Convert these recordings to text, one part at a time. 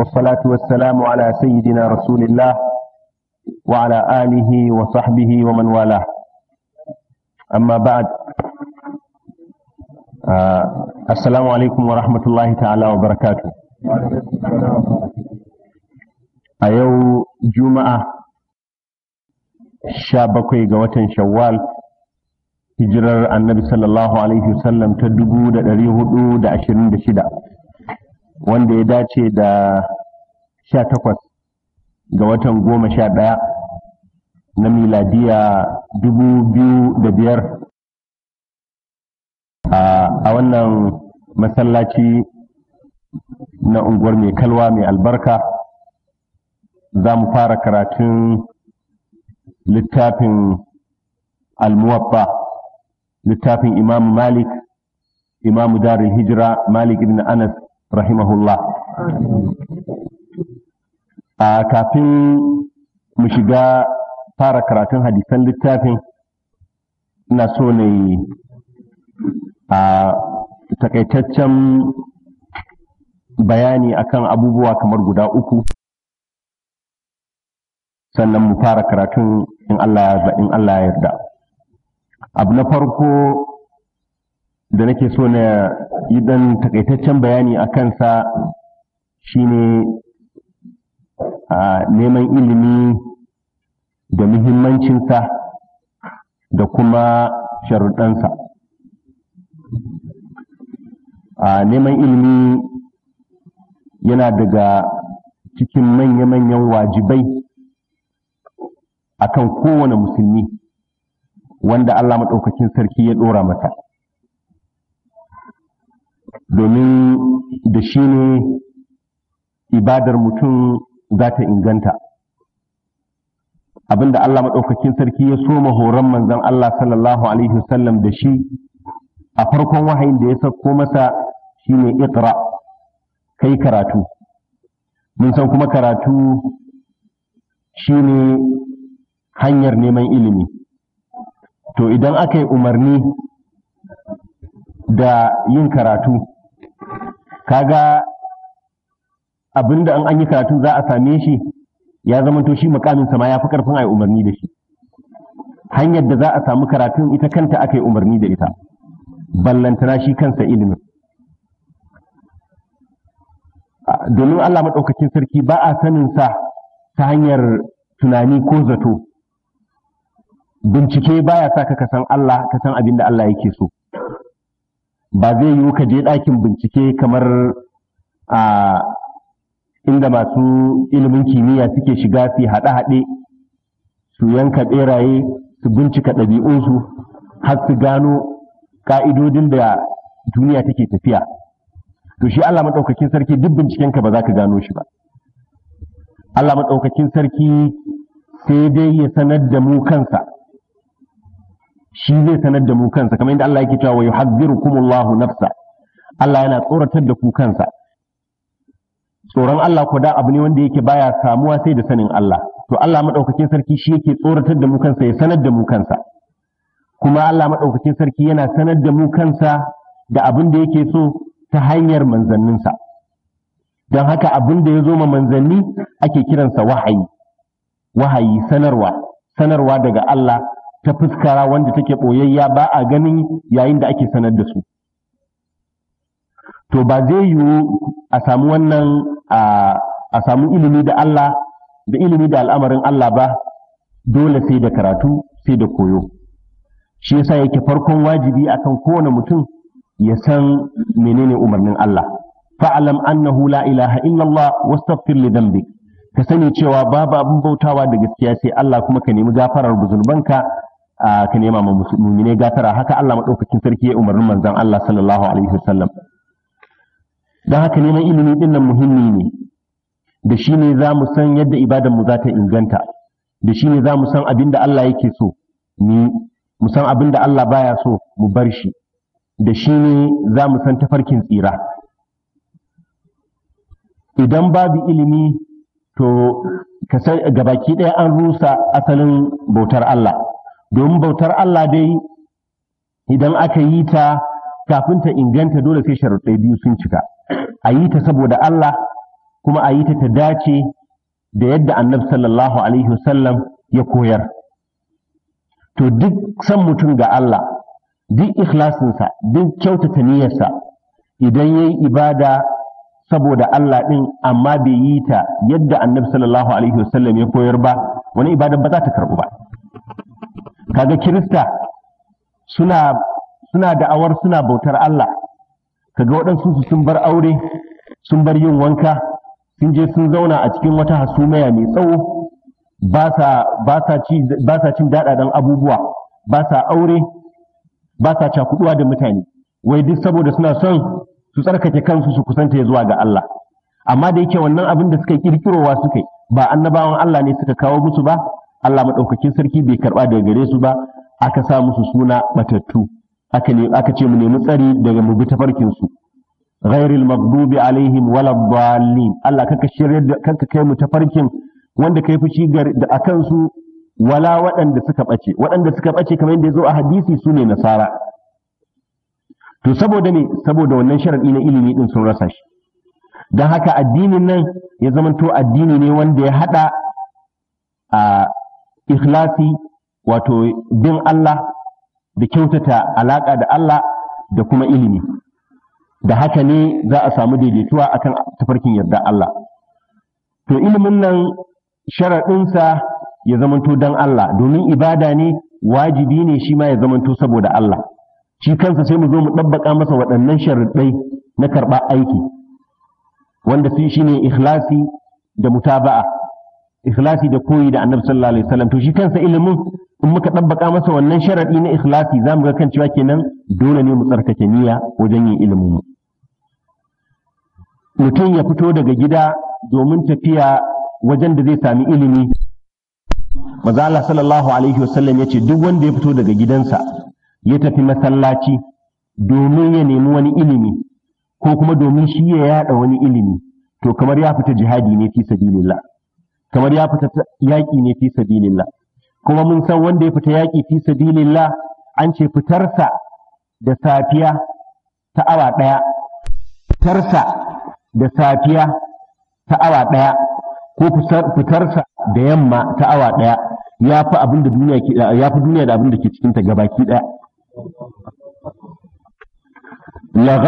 والصلاة والسلام على سيدنا رسول الله وعلى آله وصحبه ومن والاه أما بعد آه السلام عليكم ورحمة الله تعالى وبركاته أيو جمعة شابكوي قوة شوال هجرة النبي صلى الله عليه وسلم تدبود ريهود ɗari hudu wanda ya dace da sha takwas ga watan goma sha ɗaya na miladiya dubu biyu da biyar a wannan masallaci na unguwar mai kalwa mai albarka za mu fara karatun littafin almuwabba littafin imam malik imamu darul hijira malik ibn anas rahimahullah a kafin mu shiga fara karatun hadisan littafin na so ne a takaitaccen bayani akan abubuwa kamar guda uku sannan mu fara karatun in Allah ya yarda abu na farko da nake so na yi dan takaitaccen bayani a kansa shine a neman ilimi da muhimmancinsa da kuma sharuɗansa a neman ilimi yana daga cikin manya-manyan wajibai akan kowane musulmi wanda Allah maɗaukakin sarki ya ɗora mata. domin da shi ne ibadar mutum za ta inganta abinda Allah maɗaukakin sarki ya soma horon manzon Allah sallallahu alaihi wasallam da shi a farkon wahayin da ya sauko masa shi ne ikra kai karatu mun san kuma karatu shi ne hanyar neman ilimi to idan aka yi umarni da yin karatu kaga abinda an yi karatu za a same shi ya zama to shi mukamin sama ya fi karfin ayi umarni da shi hanyar da za a samu karatun ita kanta aka yi umarni da ita ballantana shi kansa ilimin domin Allah maɗaukakin sarki ba a sanin sa ta hanyar tunani ko zato bincike baya sa ka san Allah ka san abin da Allah yake so ba zai yiwu ka je ɗakin bincike kamar a inda masu ilimin kimiyya suke shiga su haɗe-haɗe su yanka ɓeraye su bincika ɗabi'unsu har su gano ƙa'idodin da duniya take tafiya to shi Allah maɗaukakin sarki duk bincikenka ba za ka gano shi ba Allah maɗaukakin sarki sai dai ya sanar da mu kansa shi zai sanar da mu kansa kamar yadda Allah yake cewa wa yuhadhdhirukumullahu nafsa Allah yana tsoratar da ku kansa tsoron Allah ko da abu ne wanda yake baya samuwa sai da sanin Allah to Allah madaukakin sarki shi yake tsoratar da mu kansa ya sanar da mu kansa kuma Allah madaukakin sarki yana sanar da mu kansa da abin da yake so ta hanyar manzanninsa don haka abin da ya zo ma manzanni ake kiransa wahayi wahayi sanarwa sanarwa daga Allah ta fuskara wanda take ɓoyayya ba a ganin yayin da ake sanar da su to ba zai yiwu a samu wannan a samu ilimi da Allah da ilimi da al'amarin Allah ba dole sai da karatu sai da koyo shi yasa yake farkon wajibi akan kowane mutum ya san menene umarnin Allah fa'alam annahu la ilaha illallah wastaghfir li dhanbik ka sani cewa babu abin bautawa da gaskiya sai Allah kuma ka nemi gafarar buzulbanka ka nema ma musulmi ne gatara haka Allah madaukakin sarki ya umarnin manzon Allah sallallahu alaihi wasallam don haka neman ilimi din nan muhimmi ne da shi ne za mu san yadda ibadar mu za ta inganta da shi ne za mu san abinda Allah yake so ni mu san abinda Allah baya so mu bar shi da shi ne za mu san tafarkin tsira idan babu ilimi to ka san gabaki ɗaya an rusa asalin bautar Allah domin bautar Allah dai idan aka yi ta kafin ta inganta dole sai sharuɗai biyu sun cika a yi ta saboda Allah kuma a yi ta ta dace da yadda annabi sallallahu alaihi wasallam ya koyar to duk san mutum ga Allah duk ikhlasinsa duk kyautata niyyarsa idan ya yi ibada saboda Allah ɗin amma bai yi ta yadda annabi sallallahu alaihi wasallam ya koyar ba wani ibada ba za ta karɓu ba kaga kirista suna suna da'awar suna bautar Allah kaga waɗansu su sun bar aure sun bar yin wanka sun je sun zauna a cikin wata hasumaya mai tsawo ba sa cin dan abubuwa ba sa aure ba sa cakuduwa da mutane wai duk saboda suna son su tsarkake kansu su kusanta ya zuwa ga Allah amma da yake wannan abin da suka kirkirowa suka ba annabawan Allah ne suka kawo musu ba Allah maɗaukakin sarki bai karɓa daga gare su ba aka sa musu suna batattu aka ne aka ce mu nemi tsari daga mu bi tafarkin su ghairil maghdubi alaihim waladdallin Allah kaka shiryar da kanka kai mu tafarkin wanda kai fushi da akan su wala waɗanda suka ɓace waɗanda suka ɓace kamar yadda ya zo a hadisi su ne nasara to saboda ne saboda wannan sharaɗi na ilimi ɗin sun rasa shi don haka addinin nan ya zamanto addini ne wanda ya haɗa a ikhlasi wato bin Allah da kyautata alaƙa da Allah da kuma ilimi da haka ne za a samu daidaituwa akan tafarkin yarda Allah to ilimin nan sharaɗinsa ya zamanto don Allah domin ibada ne wajibi ne shi ma ya zamanto saboda Allah shi kansa sai mu zo mu ɗabbaƙa masa waɗannan sharaɗai na karɓa aiki wanda su shi ne ikhlasi da mutaba'a ikhlasi da koyi da annabi sallallahu alaihi wasallam to shi kansa ilimin in muka ɗabbaka masa wannan sharaɗi na ikhlasi za mu ga kan cewa kenan dole ne mu tsarkake niyya wajen yin ilimin mutum ya fito daga gida domin tafiya wajen da zai sami ilimi maza Allah sallallahu alaihi wasallam ya ce duk wanda ya fito daga gidansa ya tafi masallaci domin ya nemi wani ilimi ko kuma domin shi ya yada wani ilimi to kamar ya fita jihadi ne fi sabilillah kamar ya fita yaƙi ne fi sabilillah kuma mun san wanda ya fita yaƙi fi sabilillah an ce fitarsa da safiya ta awa ɗaya fitarsa da safiya ta awa ɗaya ko fitarsa da yamma ta awa ɗaya ya fi abin da duniya ya fi duniya da abin da ke cikin ta gabaki ɗaya la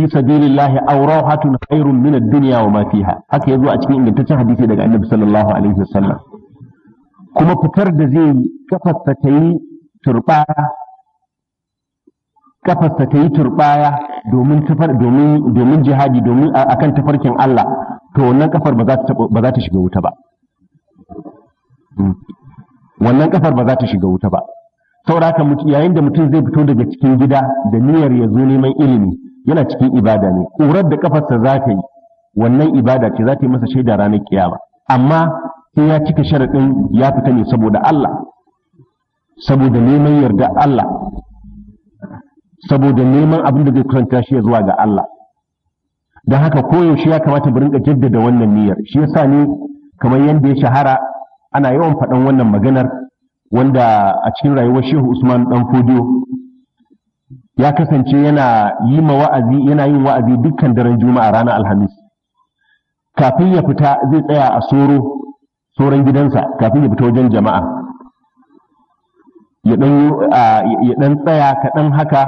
fi sabilillahi awrahatun khairun min ad-dunya wa ma fiha haka yazo a cikin ingantaccen hadisi daga annabi sallallahu alaihi wasallam kuma fitar da zai kafasta tayi ta kafasta turbaya kafarsa ta turbaya domin tafar domin domin jihadi domin akan tafarkin Allah to wannan kafar ba za ta ba za ta shiga wuta ba wannan kafar ba za ta shiga wuta ba saboda haka yayin da mutum zai fito daga cikin gida da niyyar ya zo neman ilimi yana cikin ibada ne ƙurar da kafarsa za ta yi wannan ibada ce za ta yi masa shaida ranar kiyama amma sai ya cika sharaɗin ya fita ne saboda Allah saboda neman yarda Allah saboda neman abin da zai kusanta shi zuwa ga Allah don haka koyaushe ya kamata mu rinka jaddada wannan niyyar shi yasa ne kamar yadda ya shahara ana yawan faɗan wannan maganar wanda a cikin rayuwar Shehu Usman dan Fodiyo ya kasance yana yi ma wa'azi yana yin wa'azi dukkan daren juma'a ranar alhamis kafin ya fita zai tsaya a soro soron gidansa kafin ya fita wajen jama'a ya dan tsaya kaɗan haka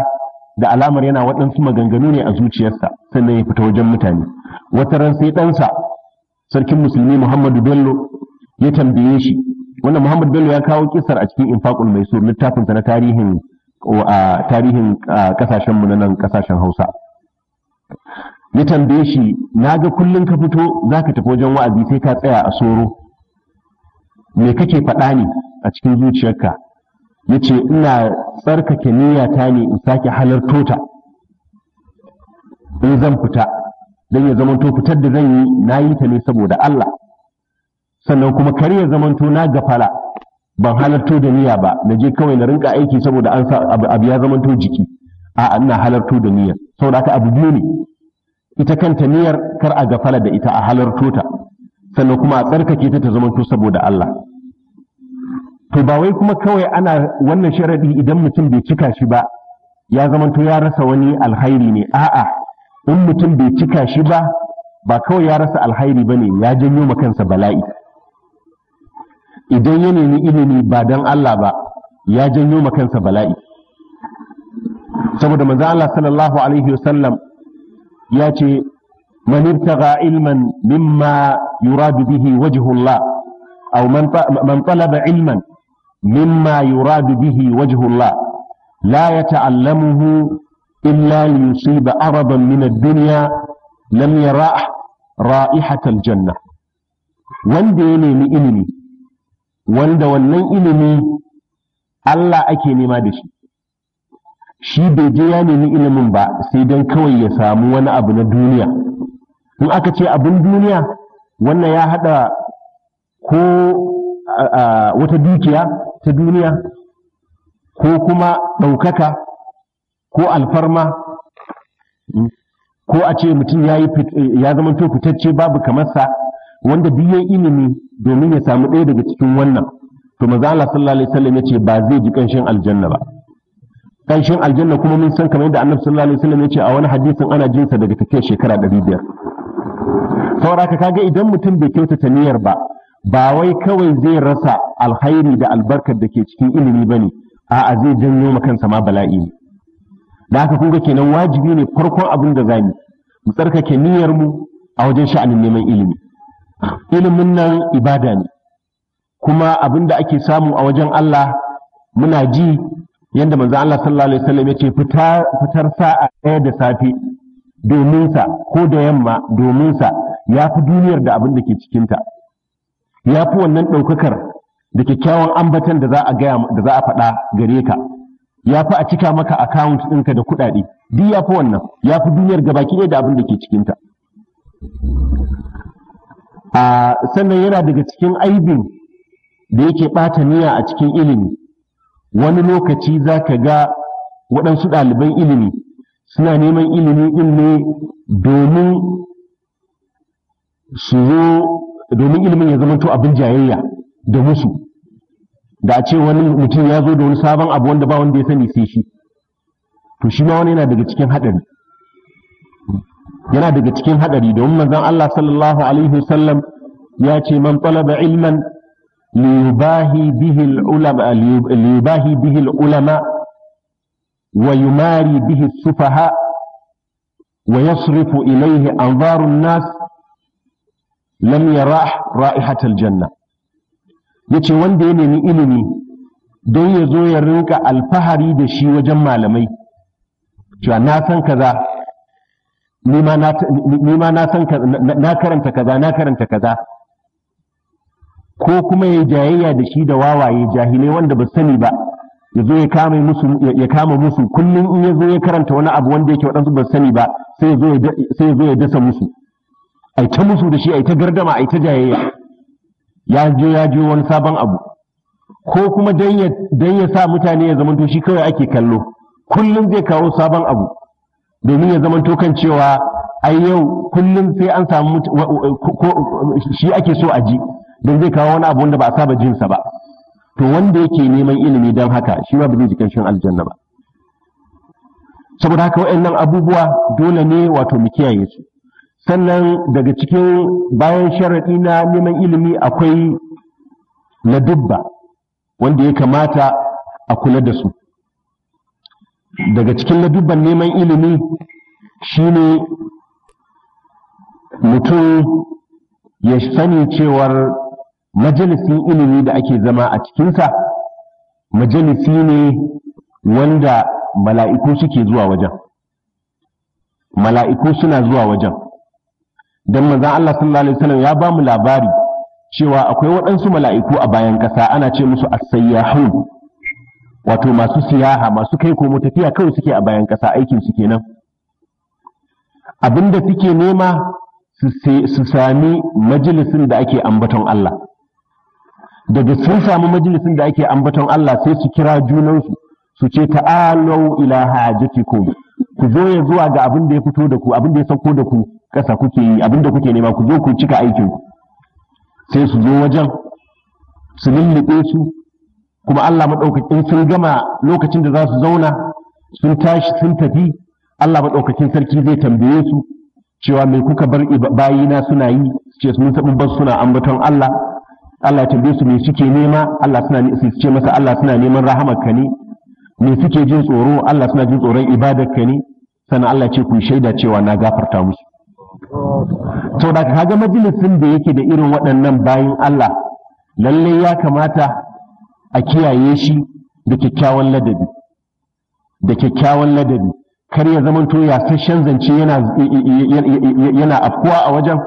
da alamar yana waɗansu maganganu ne a zuciyarsa sannan ya fita wajen mutane wata ran sai ɗansa sarkin musulmi muhammadu bello ya tambaye shi wannan muhammadu bello ya kawo kisar a cikin mai so littafinsa na tarihin a tarihin kasashenmu na nan kasashen hausa ya tambaye shi na ga kullum ka fito za ka tafi wajen wa'azi sai ka tsaya a soro me kake faɗa ne a cikin zuciyarka ya ce ina tsarkake niyyata ne in sake halarto ta in zan fita don ya zamanto fitar da zan yi na yi ta ne saboda Allah sannan kuma kar ya zamanto na gafala ban halarto da niyya ba na je kawai na rinka aiki saboda an sa abu ya zamanto jiki a ina halarto da niyyar saboda haka abu biyu ne ita kanta niyyar kar a gafala da ita a halarto ta sannan kuma a tsarkake ta ta zamanto saboda Allah to ba wai kuma kawai ana wannan sharadi idan mutum bai cika shi ba ya zamanto ya rasa wani alhairi ne a'a in mutum bai cika shi ba ba kawai ya rasa alhairi bane ya janyo ma kansa bala'i idan ya nemi ilimi ba don Allah ba ya janyo ma kansa bala'i saboda manzo Allah sallallahu alaihi wasallam ya ce man ibtaga ilman mimma yuradu bihi wajhullah aw man talaba ilman mimma yuradu bihi wajhullah la yata'allamuhu illa liyusiba aradan min ad-dunya lam yara ra'ihatal janna wanda ya nemi ilimi wanda wannan ilimi Allah ake nema da shi shi bai je ya nemi ilimin ba sai don kawai ya samu wani abu na duniya in aka ce abin duniya wannan ya haɗa ko wata dukiya ta duniya ko kuma ɗaukaka ko alfarma ko a ce mutum ya zama to fitacce babu kamarsa wanda biyan ilimi domin ya samu ɗaya daga cikin wannan to maza Allah sallallahu alaihi wasallam yace ba zai ji kanshin aljanna ba kanshin aljanna kuma mun san kamar yadda annabi sallallahu alaihi wasallam yace a wani hadisin ana jin jinsa daga take shekara biyar. saboda ka kaga idan mutum bai kyautata niyyar ba ba wai kawai zai rasa alkhairi da albarkar da ke cikin ilimi ba bane a'a zai janyo ma kansa ma bala'i ne da haka kun kenan wajibi ne farkon abin da zamu mu tsarkake niyyar mu a wajen sha'anin neman ilimi ilimin nan ibada ne kuma abin da ake samu a wajen Allah muna ji yadda manzo Allah sallallahu alaihi wasallam ya ce fitar sa'a ɗaya da safe domin sa ko da yamma domin sa ya fi duniyar da abin da ke cikinta ya fi wannan ɗaukakar da kyakkyawan ambatan da za a gaya da za a faɗa gare ka ya fi a cika maka account ɗinka da kuɗaɗe duk ya fi wannan ya fi duniyar gabaki ɗaya da abin da ke cikinta a sannan yana daga cikin aibin da yake ɓata niyya a cikin ilimi wani lokaci za ka ga waɗansu ɗaliban ilimi suna neman ilimi ɗin ne domin su zo domin ilimin ya zamanto abin jayayya da musu da a ce wani mutum ya zo da wani sabon abu wanda ba wanda ya sani sai shi to shi ma wani yana daga cikin haɗari yana daga cikin haɗari domin manzon Allah sallallahu alaihi wasallam ya ce man talaba ilman liyubahi bihi ulama liyubahi bihi ulama wa yumari bihi sufaha wa yasrifu ilayhi anzaru nas lam yarah ra'ihatal janna yace wanda ya nemi ilimi don ya zo ya rinka alfahari da shi wajen malamai cewa na san kaza ni ma na san na karanta kaza na karanta kaza ko kuma ya jayayya da shi da wawaye jahilai wanda ba sani ba ya zo ya kama musu ya kama musu kullum in ya zo ya karanta wani abu wanda yake waɗansu ba sani ba sai ya zo ya dasa musu ai ta musu da shi ai ta gardama ai ta jayayya ya je ya je wani sabon abu ko kuma dan ya sa mutane ya to shi kawai ake kallo kullum zai kawo sabon abu domin ya zama tokan cewa ai yau kullum sai an samu shi ake so a ji don zai kawo wani abu wanda ba a saba jinsa ba to wanda yake neman ilimi don haka shi ma ba zai ji shan aljanna ba saboda haka wa'annan abubuwa dole ne wato mu kiyaye su sannan daga cikin bayan sharaɗi na neman ilimi akwai ladubba wanda ya kamata a kula da su daga cikin ladubban neman ilimi shine mutum ya sani cewar majalisin ilimi da ake zama a cikinsa majalisi ne wanda mala'iku suke zuwa wajen mala'iku suna zuwa wajen don manzan Allah sallallahu Alaihi wasallam ya ba mu labari cewa akwai waɗansu mala'iku a bayan ƙasa ana ce musu asayyahun wato masu siyaha masu kai komo tafiya kawai suke a bayan ƙasa aikin su kenan abinda suke nema su sami majalisin da ake ambaton Allah daga sun sami majalisin da ake ambaton Allah sai su kira junansu su ce ta'alau ila hajatikum ku zo ya zuwa ga abin da ya fito da ku abin da ya sauko da ku ƙasa kuke yi abin da kuke nema ku zo ku cika aikin ku sai su zo wajen su lullube su kuma Allah maɗaukakin sun gama lokacin da za su zauna sun tashi sun tafi Allah maɗaukakin sarki zai tambaye su cewa mai kuka bar bayina suna yi ce mun taɓin bar suna ambaton Allah Allah tambaye su me suke nema Allah suna su ce masa Allah suna neman ka ne me suke jin tsoro Allah suna jin tsoron ibadarka ne sannan Allah ce ku shaida cewa na gafarta musu to da kaga majalisin da yake da irin waɗannan bayin Allah lallai ya kamata a kiyaye shi da kyakkyawan ladabi da kyakkyawan ladabi kar ya san shan zance yana afkuwa a wajen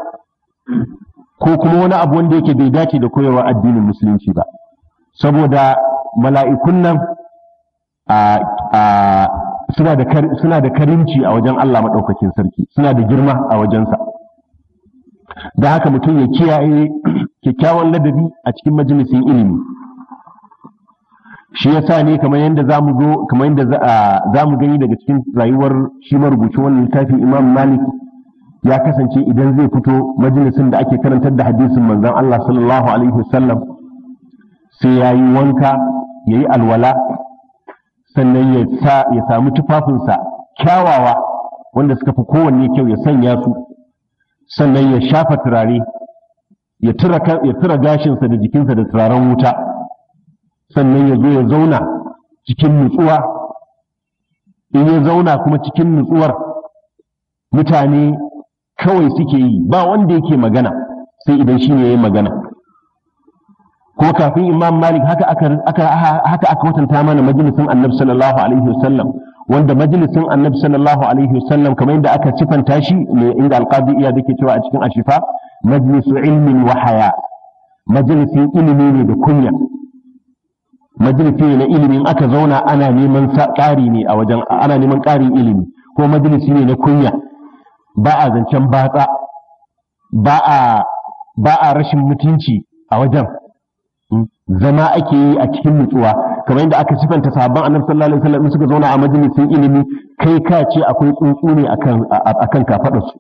ko kuma wani abu wanda yake bai dace da koyarwa addinin musulunci ba saboda mala'ikun nan suna da karimci a wajen Allah maɗaukakin sarki suna da girma a wajensa da haka mutum ya kiyaye kyakkyawan ladabi a cikin majalisin ilimi shi ya sa ne kamar yadda za mu gani daga cikin rayuwar shi marubuci wannan littafin imam malik ya kasance idan zai fito majalisin da ake karantar da hadisin manzon allah sallallahu alaihi wasallam sai ya yi wanka ya yi alwala sannan ya sami tufafinsa kyawawa wanda suka fi kowanne kyau ya sanya su sannan ya shafa turare ya tura gashinsa da jikinsa da turaren wuta sannan ya zo ya zauna cikin nutsuwa in ya zauna kuma cikin nutsuwar mutane kawai suke yi ba wanda yake magana sai idan shi ne ya yi magana ko kafin imam malik haka aka haka watanta mana majalisin annabi sallallahu alaihi wasallam wanda majalisin annabi sallallahu alaihi wasallam kamar yadda aka sifanta shi ne inda alqadi iya dake cewa a cikin ashifa majlisu ilmin wa haya majalisin ilimi ne da kunya majalisi na ilimin aka zauna ana neman ƙari ne a wajen ana neman ƙarin ilimi ko majalisi ne na kunya ba a zancen batsa ba a ba a rashin mutunci a wajen hmm? zama ake yi a cikin nutsuwa kamar yadda aka sifanta sabon annabi sallallahu alaihi wasallam suka zauna a majalisin ilimi kai ka ce akwai tsuntsu ne akan akan su,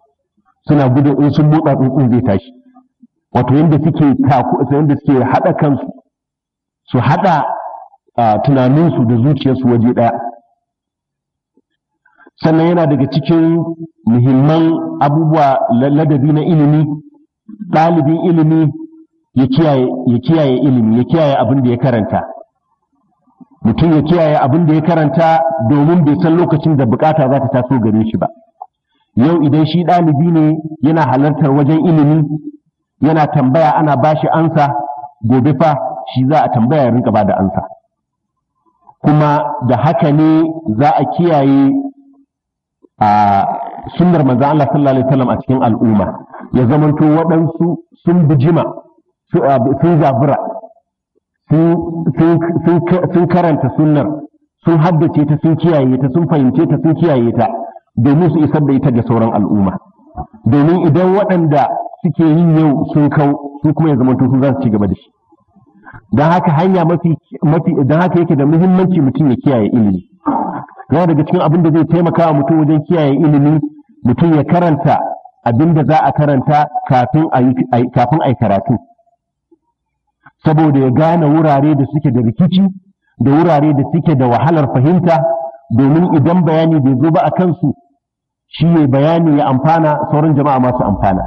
suna gudun in sun motsa tsuntsu zai tashi wato yanda suke yadda suke haɗa kansu su haɗa a tunaninsu da zuciyarsu waje ɗaya sannan yana daga cikin muhimman abubuwa ladabi na ilimi ɗalibin ilimi ya kiyaye ilimi ya kiyaye abin da ya karanta mutum ya kiyaye abin da ya karanta domin bai san lokacin da bukata za ta taso gare shi ba yau idan shi ɗalibi ne yana halartar wajen ilimi yana tambaya ana bashi ansa gobe fa shi za a tambaya rinka ba da ansa kuma da haka ne za a kiyaye a sunnar manzan Allah sallallahu alaihi wasallam a cikin al'umma ya zamanto waɗansu sun bijima sun zabura sun karanta sunnar sun haddace ta sun kiyaye ta sun fahimce ta sun kiyaye ta domin su isar da ita ga sauran al'umma domin idan waɗanda suke yin yau sun kau su kuma ya zamanto sun za su ci gaba da shi don haka hanya mafi don haka yake da muhimmanci mutum ya kiyaye ilimi ya daga cikin abin da zai taimaka wa mutum wajen kiyaye ilimi mutum ya karanta abin da za a karanta kafin a yi karatu saboda ya gane wurare da suke da rikici da wurare da suke da wahalar fahimta domin idan bayani bai zo ba a kansu shi ne bayani ya amfana sauran jama'a masu amfana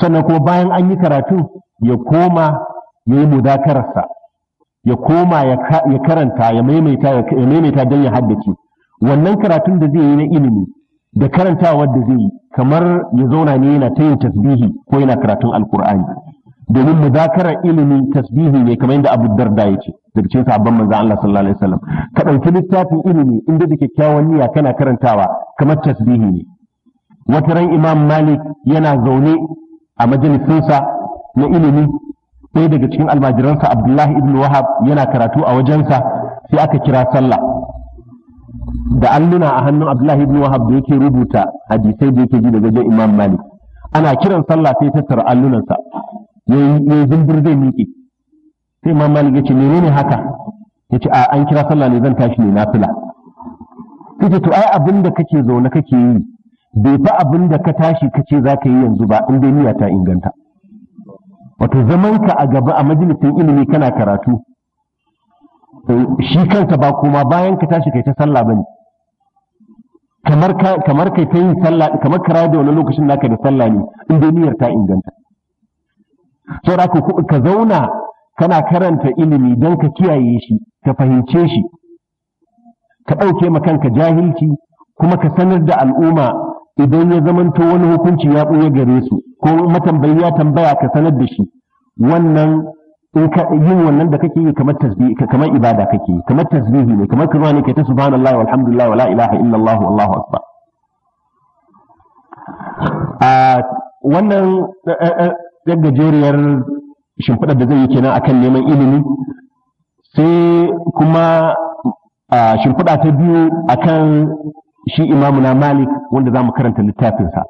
sannan kuma bayan an yi karatu ya koma ya yi mudakararsa ya koma ya karanta ya maimaita don ya haddace wannan karatun da zai yi na ilimi da karantawa da zai yi kamar ya zauna ne yana ta yin tasbihi ko yana karatun alkur'ani domin muzakarar ilimi tasbihi ne kamar yadda Abu Darda ya ce daga cikin sabon manzo Allah sallallahu alaihi wasallam ka ɗauki littafin ilimi inda da kyakkyawan niyya kana karantawa kamar tasbihi ne wata ran Imam Malik yana zaune a majalisinsa na ilimi sai daga cikin almajiransa abdullahi ibn wahab yana karatu a wajensa sai aka kira sallah da alluna a hannun abdullahi ibn wahab da yake rubuta hadisai da yake ji daga wajen imam malik ana kiran sallah sai tattara allunansa ya zumbur zai miƙe sai imam malik ya ce menene haka ya ce an kira sallah ne zan tashi ne nafila kace to ai abin da kake zaune kake yi bai fa abin da ka tashi kace za ka yi yanzu ba in dai niyya ta inganta wato zamanka a gaba a majalisin ilimi kana karatu shi kanka ba kuma bayan ka tashi kai ta sallah bane kamar kamar kai ta yin sallah kamar ka da wani lokacin naka da sallah ne in niyyar ta inganta saboda ka zauna kana karanta ilimi don ka kiyaye shi ka fahimce shi ka ɗauke ma kanka jahilci kuma ka sanar da al'umma idan ya zamanto wani hukunci ya ɓuya gare su ko matambayi ya tambaya ka sanar da shi wannan yin wannan da kake yi kamar tasbihi kamar ibada kake yi kamar tasbihi ne kamar kuma ne kai ta subhanallahi walhamdulillahi wala ilaha illallah wallahu akbar a wannan eh, eh, eh, gajeriyar shimfiɗar da zai yi kenan akan neman ilimi sai kuma shimfiɗa ta biyu akan shi imamuna malik wanda za mu karanta littafinsa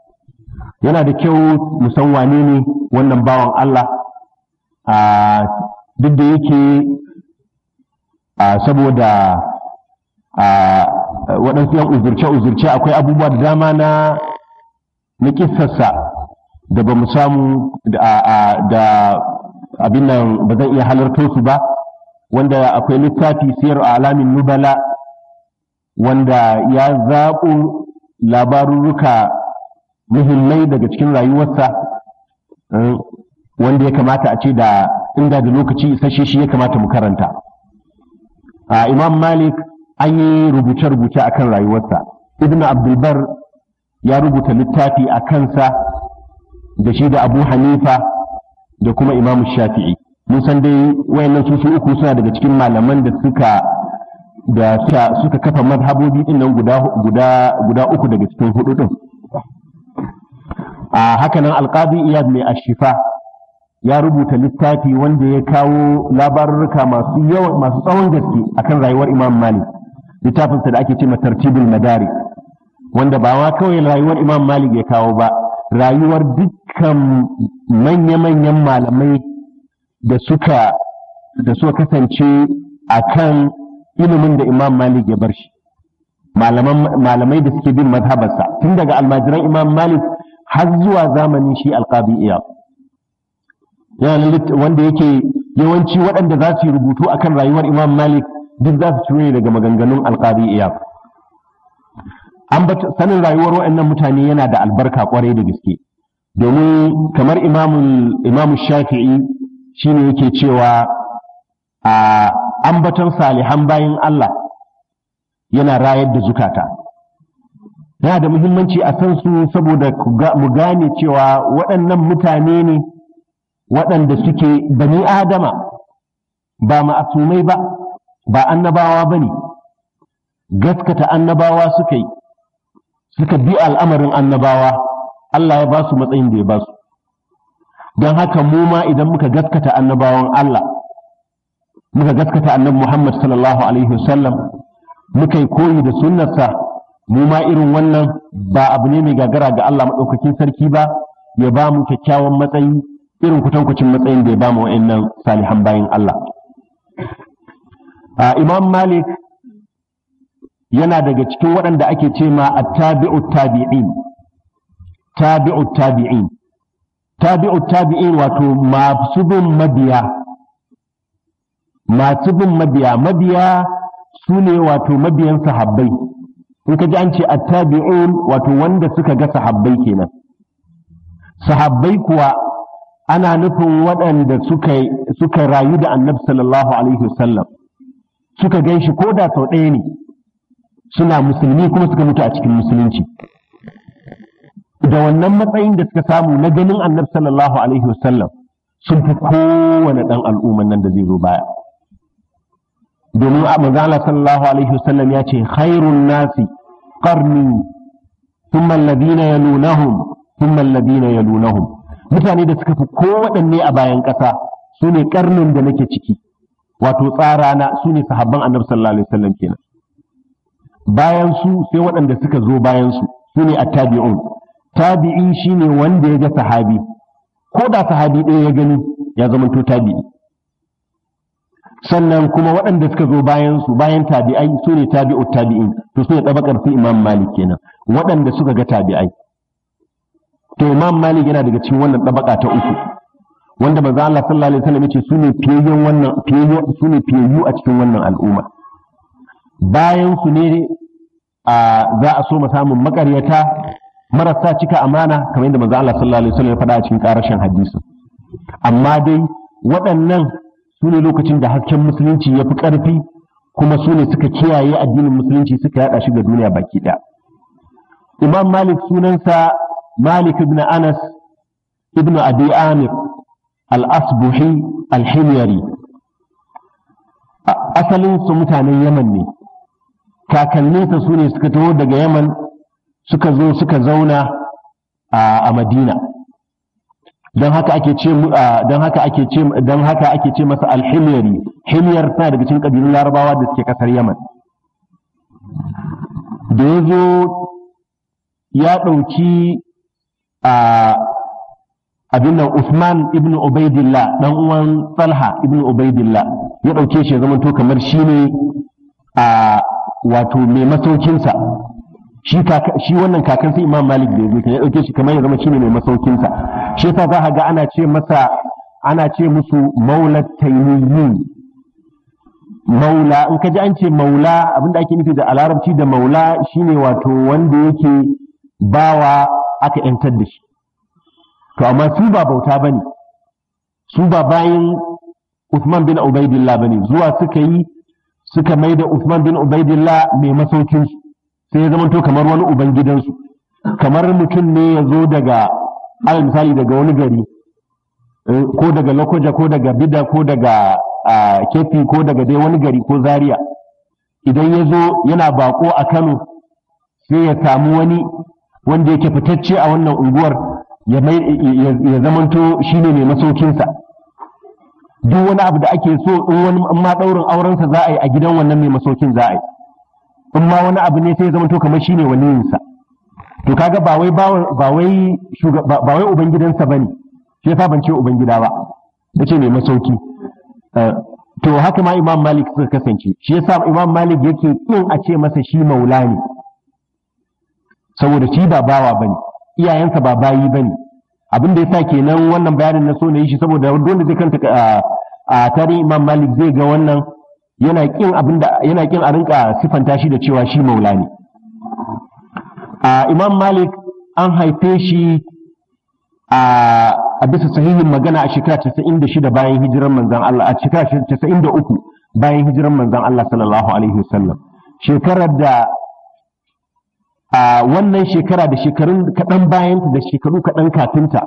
yana da kyau mu san wane ne wannan bawan Allah duk da yake saboda waɗansu yan uzurce-uzurce akwai abubuwa da dama na na da ba mu samu da abin nan ba zan iya halarto su ba wanda akwai littafi siyar alamin nubala wanda ya zaɓo labarurruka muhimmai daga cikin rayuwarsa eh, wanda ya kamata a ce da inda da lokaci isasshe shi ya kamata mu karanta a imam malik an yi rubuce-rubuce kan rayuwarsa ibn abdulbar ya rubuta littafi a kansa da shi da abu hanifa da kuma imam shafi'i mun san dai wayannan su su uku suna daga cikin malaman da suka da suka kafa mazhabobi din nan guda uku daga cikin hudu din a hakanan alqadi iyad mai ashifa ya rubuta littafi wanda ya kawo labarurruka masu yawan masu tsawon gaske akan rayuwar imam malik littafinsa da ake ce tartibul madari wanda ba ma kawai rayuwar imam malik ya kawo ba rayuwar dukkan manya-manyan malamai da suka da suka kasance akan ilimin da imam malik ya bar shi malamai da suke bin mazhabarsa tun daga almajiran imam malik har zuwa zamanin shi alƙadi wanda yake yawanci waɗanda za su yi rubutu akan rayuwar imam malik duk za su ciro daga maganganun alƙadi iya sanin rayuwar waɗannan mutane yana da albarka kwarai da gaske domin kamar imamu shafi'i shine yake cewa a ambaton salihan bayan Allah yana rayar da zukata yana da muhimmanci a san su saboda mu gane cewa waɗannan mutane ne waɗanda suke bani adama ba ma'asumai ba ba annabawa ba ne gaskata annabawa suka yi suka bi al'amarin annabawa Allah ya ba su matsayin da ya ba su don haka mu ma idan muka gaskata annabawan Allah muka gaskata annabi Muhammad sallallahu alaihi wasallam muka yi koyi da sunnarsa mu ma irin wannan ba abu ne mai gagara ga Allah maɗaukakin sarki ba ya ba mu kyakkyawan matsayi irin kutankucin matsayin da ya ba mu wa'annan salihan bayan Allah Imam Malik yana daga cikin waɗanda ake ce ma a tabi'u tabi'in tabi'u tabi'in tabi'u tabi'in wato masu bin mabiya masu bin mabiya mabiya su ne wato mabiyan sahabbai in ka ji an ce attabi'un wato wanda suka ga sahabbai kenan sahabbai kuwa ana nufin waɗanda suka suka rayu da annabi sallallahu alaihi wasallam suka gan shi ko da sau ɗaya ne suna musulmi kuma suka mutu a cikin musulunci da wannan matsayin da suka samu na ganin annabi sallallahu alaihi wasallam sun fi kowane ɗan al'umman nan da zai zo baya domin a manzala sallallahu alaihi wasallam ya ce khairun nasi qarni thumma alladhina yalunahum thumma alladhina yalunahum mutane da suka fi kowaɗanne a bayan ƙasa su ne da nake ciki wato tsarana su ne sahabban annabi sallallahu alaihi wasallam kenan bayan su sai waɗanda suka zo bayan su su ne attabi'un tabi'i shine wanda ya ga sahabi ko da sahabi ɗaya ya gani ya zamanto tabi'i sannan kuma waɗanda suka zo bayan su bayan tabi'ai su ne tabi'u tabi'in to su ne tabakar su imam malik kenan waɗanda suka ga tabi'ai to imam malik yana daga cikin wannan tabaka ta uku wanda manzo Allah sallallahu alaihi wasallam yace su ne fiyayyen wannan fiyayyu su ne fiyayyu a cikin wannan al'umma bayan su ne a za a so mu samun makaryata marasa cika amana kamar yadda manzo Allah sallallahu alaihi wasallam ya faɗa a cikin ƙarashin hadisi amma dai waɗannan su ne lokacin da hasken musulunci ya fi ƙarfi kuma su ne suka kiyaye addinin musulunci suka yaɗa shi ga duniya baki ɗaya imam malik sunansa malik ibn anas ibn abi amir al-asbuhi al-himyari asalinsu mutanen yaman ne kakanninsa su ne suka taho daga yaman suka zo suka zauna a madina don haka ake ce don haka ake ce don haka ake ce masa alhimyari himyar tana daga cikin kabilun larabawa da suke kasar yaman da ya zo ya ɗauki a abin nan Usman ibn Ubaidillah dan uwan salha ibn Ubaidillah ya ɗauke shi ya zama to kamar shi ne a wato mai masaukinsa shi wannan kakan sai imam malik da yake ya dauke shi kamar ya zama shi ne mai masaukin sa shi yasa za ga ana ce masa ana ce musu maula taymiyin maula in ka ji an ce maula abinda ake nufi da alarabci da maula shine wato wanda yake bawa aka yantar da shi to amma su ba bauta bane su ba bayan Usman bin Ubaidillah bane zuwa suka yi suka maida da Uthman bin Ubaidillah mai masaukin su sai ya zamanto kamar wani uban gidansu kamar mutum ne ya zo daga alal misali daga wani gari eh, ko daga lokoja ko daga bida ko daga kefi ko daga dai wani gari ko zaria idan ya zo yana bako a kano sai ya samu wani wanda yake fitacce a wannan unguwar ya zamanto shine mai masaukinsa duk wani abu da ake so in wani ma aurensa za a yi a gidan wannan mai masaukin za a yi in ma wani abu ne sai ya zamanto kamar shine waliyinsa to kaga ba wai ba wai ba wai ubangidansa bane shi yasa ban ce ubangida ba nace ne masauki eh, to haka ma imam malik suka kasance shi yasa imam malik yake kin a ce masa shi maula ne saboda shi ba bawa bane iyayensa ba bayi bane abin da yasa kenan wannan bayanin na so na yi shi saboda wanda zai kanta a ah, ah, tare imam malik zai ga wannan yana kin abin da yana kin a rinka sifanta shi da cewa shi maula ne imam malik an haife shi a bisa sahihin magana a shekara 96 bayan hijiran manzan Allah a shekara 93 bayan hijiran manzan Allah sallallahu alaihi wasallam shekarar da a wannan shekara da shekarun kaɗan bayanta da shekaru kaɗan kafinta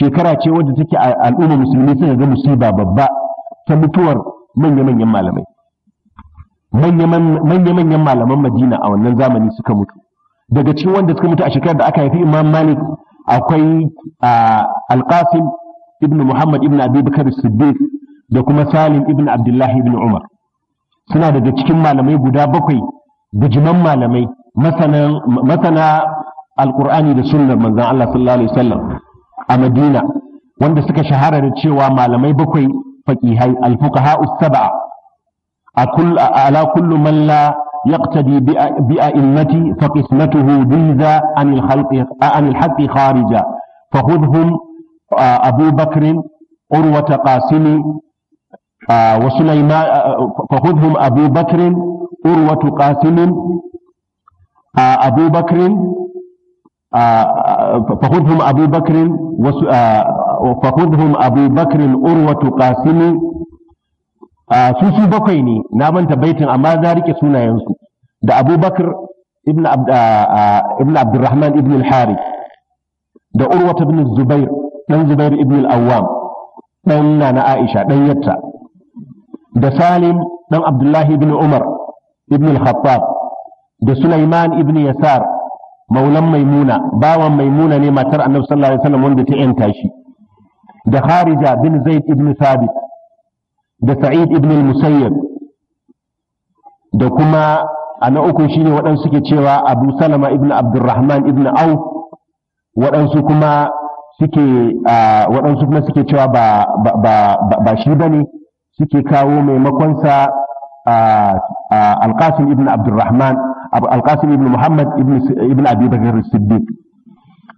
shekara ce wadda take al'ummar musulmi suka ga musiba babba ta mutuwar manya-manyan malamai manya-manyan malaman madina a wannan zamani suka mutu daga cikin wanda suka mutu a shekarar da aka haifi imam malik akwai alqasim ibn muhammad ibn abi bakar siddiq da kuma salim ibn abdullahi ibn umar suna daga cikin malamai guda bakwai bijiman malamai masana alƙurani da sunnar manzan allah sallallahu alaihi wasallam a madina wanda suka shahara da cewa malamai bakwai faƙihai alfuqaha saba'a أكل على كل من لا يقتدي بأئمتي فقسمته جيزا عن الخلق عن الحق خارجا فخذهم آه، أبو بكر عروة قاسم آه، وسليمان آه، فخذهم أبو بكر عروة قاسم أبو بكر فخذهم أبو بكر فخذهم أبو بكر عروة قاسم a su su bakwai ne na manta baitin amma za rike sunayensu da abubakar ibn abdurrahman ibn al-harith da urwata ibn zubair dan zubair ibn al-awwam dan nana aisha dan yatta da salim dan abdullahi ibn umar ibn al-khattab da sulaiman ibn yasar maulan maimuna bawan maimuna ne matar annabi sallallahu alaihi wasallam wanda ta yanta shi da kharija bin zaid ibn thabit da sa'id ibn al-musayyib da kuma a na uku shine waɗansu suke cewa abu salama ibn abdurrahman ibn Au, waɗansu kuma suke waɗansu kuma suke cewa ba ba shi bane suke kawo maimakonsa alqasim ibn abdurrahman alqasim ibn muhammad ibn abi bakr siddiq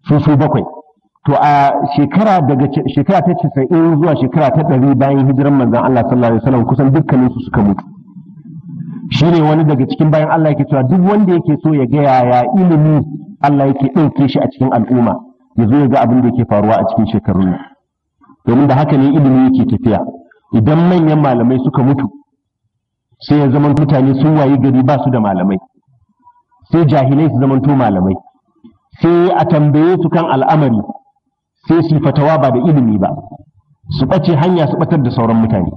su su bakwai to a shekara daga shekara ta casa'in zuwa shekara ta ɗari bayan hijiran manzan Allah sallallahu alaihi wasallam kusan dukkaninsu suka mutu shi ne wani daga cikin bayan Allah yake cewa duk wanda yake so ya ga yaya ilimi Allah yake ɗauke shi a cikin al'umma ya zo ya ga abin da yake faruwa a cikin shekarun nan domin da haka ne ilimi yake tafiya idan manyan malamai suka mutu sai ya zama mutane sun wayi gari ba su da malamai sai jahilai su zamanto malamai sai a tambaye su kan al'amari sai su fatawa ba da ilimi ba su ɓace hanya su ɓatar da sauran mutane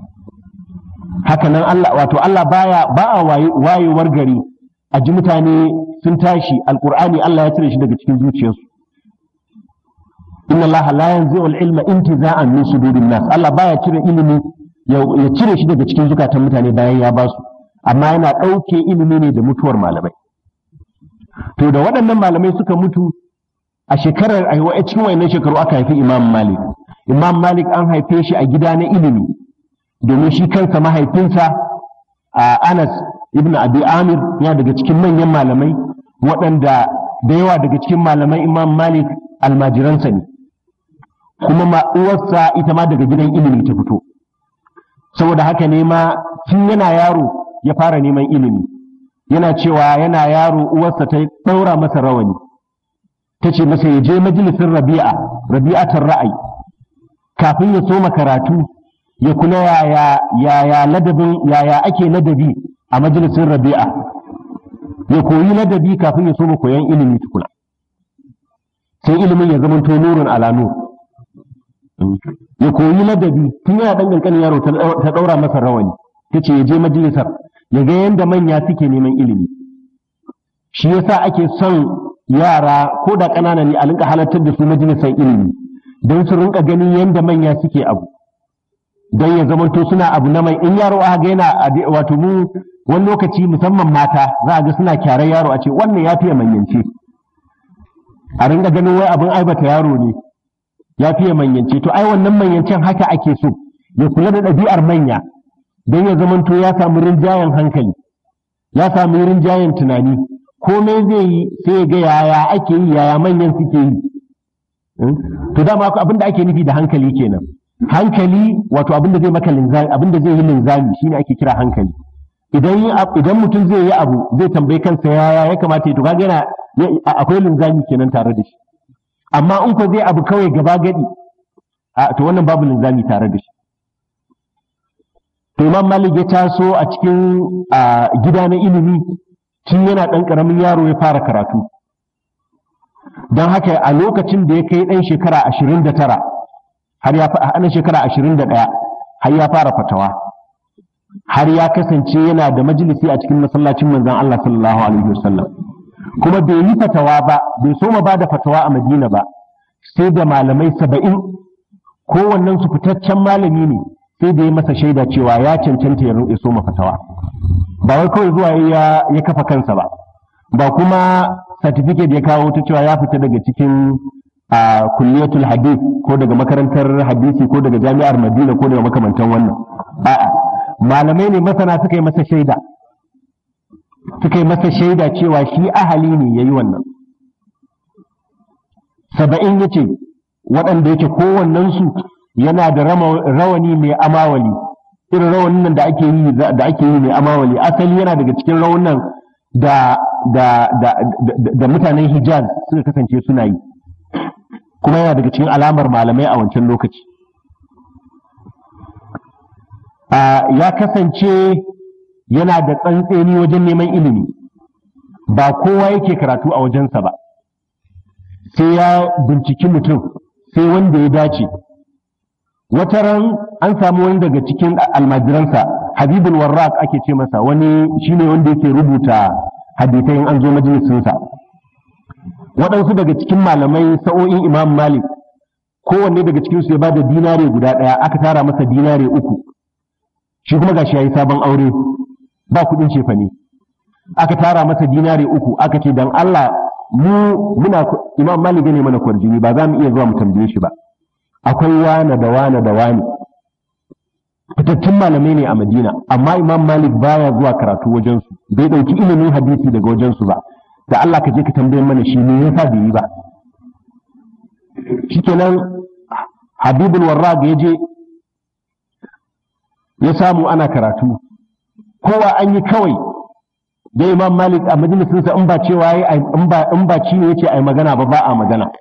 hakanan Allah wato Allah baya ba a wayewar gari a ji mutane sun tashi alqur'ani Allah ya cire shi daga cikin zuciyarsu inna Allah la yanzi'u al-ilma intiza'an min sudurin nas Allah baya cire ilimi ya cire shi daga cikin zukatan mutane bayan ya basu amma yana ɗauke ilimi ne da mutuwar malamai to da waɗannan malamai suka mutu a shekarar a cikin na shekaru aka haifi imam malik imam malik an haife shi a gida na ilimi domin shi kansa mahaifinsa a anas ibn abi amir ya daga cikin manyan malamai waɗanda da yawa daga cikin malamai imam malik almajiransa ne kuma ma'uwarsa uwarsa ita ma daga gidan ilimi ta fito saboda haka ne ma tun yana yaro ya fara neman ilimi yana cewa yana yaro uwarsa ta ɗaura masa rawani ta ce masa ya je majalisar rabi'a rabi'atar ra'ayi kafin ya soma karatu ya kula yaya yaya ladabin yaya ake ladabi a majalisar rabi'a ya koyi ladabi kafin ya soma koyan ilimi tukuna sai ilimin ya zama to nurin ala nur ya koyi ladabi tun yana dan ƙanƙanin yaro ta daura masa rawani tace ya je majalisar ya ga yanda manya suke neman ilimi shi yasa ake son yara ko da ƙanana ne a rinka halartar da su majalisar ilimi don su rinka ganin yadda manya suke abu don ya zamanto suna abu na mai in yaro aka ga yana wato mu wani lokaci musamman mata za a ga suna kyaran yaro a ce wannan ya fiye manyance a rinka ganin wai abin aibata yaro ne ya fiye manyance to ai wannan manyancen haka ake so ya kula da ɗabi'ar manya don ya zamanto ya samu rinjayen hankali ya samu rinjayen tunani komai zai yi sai ya ga yaya ake yi yaya manyan suke yi hmm? to dama abin da ake nufi da hankali kenan hankali wato abin zai maka linzami abinda zai yi linzami shine ake kira hankali idan idan mutum zai yi abu zai tambayi kansa yaya ya kamata to kaga yana akwai linzami kenan tare da shi amma in ko zai abu kawai gaba gadi to wannan babu linzami tare da shi to imam malik ya taso a cikin gida na ilimi tun yana ɗan ƙaramin yaro ya fara karatu don haka a lokacin da ya kai ɗan shekara ashirin da tara har ya ana shekara ashirin da ɗaya har ya fara fatawa har ya kasance yana da majalisi a cikin masallacin manzan Allah sallallahu alaihi wasallam kuma bai yi fatawa ba bai soma ba da fatawa a madina ba sai da malamai saba'in kowannen su fitaccen malami ne sai da ya masa shaida cewa ya cancanta ya ma fatawa ba wai kawai zuwa ya ya kafa kansa ba ba kuma certificate ya kawo ta cewa ya fita daga cikin a kulliyatul hadith ko daga makarantar hadisi ko daga jami'ar madina ko daga makamantan wannan a'a malamai ne masana suka yi masa shaida suka yi masa shaida cewa shi ahali ne ya yi wannan saba'in ya ce waɗanda yake kowannensu yana da rawani mai amawali irin rawanin nan da ake yi da ake yi mai amawali asali yana daga cikin rawunan da da da da mutanen Hijaz suka kasance suna yi kuma yana daga cikin alamar malamai a wancan lokaci ya kasance yana da tsantseni wajen neman ilimi ba kowa yake karatu a wajensa ba sai ya binciki mutum sai wanda ya dace wata ran an samu wani daga cikin almajiransa habibul warraq ake ce masa wani shine wanda yake rubuta hadisai an zo majalisinsa waɗansu daga cikin malamai sa'o'in imam malik kowanne daga cikinsu ya ba da dinare guda ɗaya aka tara masa dinare uku shi kuma gashi ya yi sabon aure ba kuɗin ne. aka tara masa dinare uku aka ce dan Allah mu muna imam malik ne mana kwarjini ba za mu iya zuwa mu tambaye shi ba akwai wane da wane da wane fitattun malamai ne a madina amma imam malik baya zuwa karatu wajensu bai ɗauki ilimin hadisi daga wajensu ba da allah ka je ka tambaye mana shi ne yasa bai yi ba shikenan habibul warraq ya je ya samu ana karatu kowa an yi kawai da imam malik a majalisinsa in ba cewa ya in ba ci ne yace yi magana ba ba a magana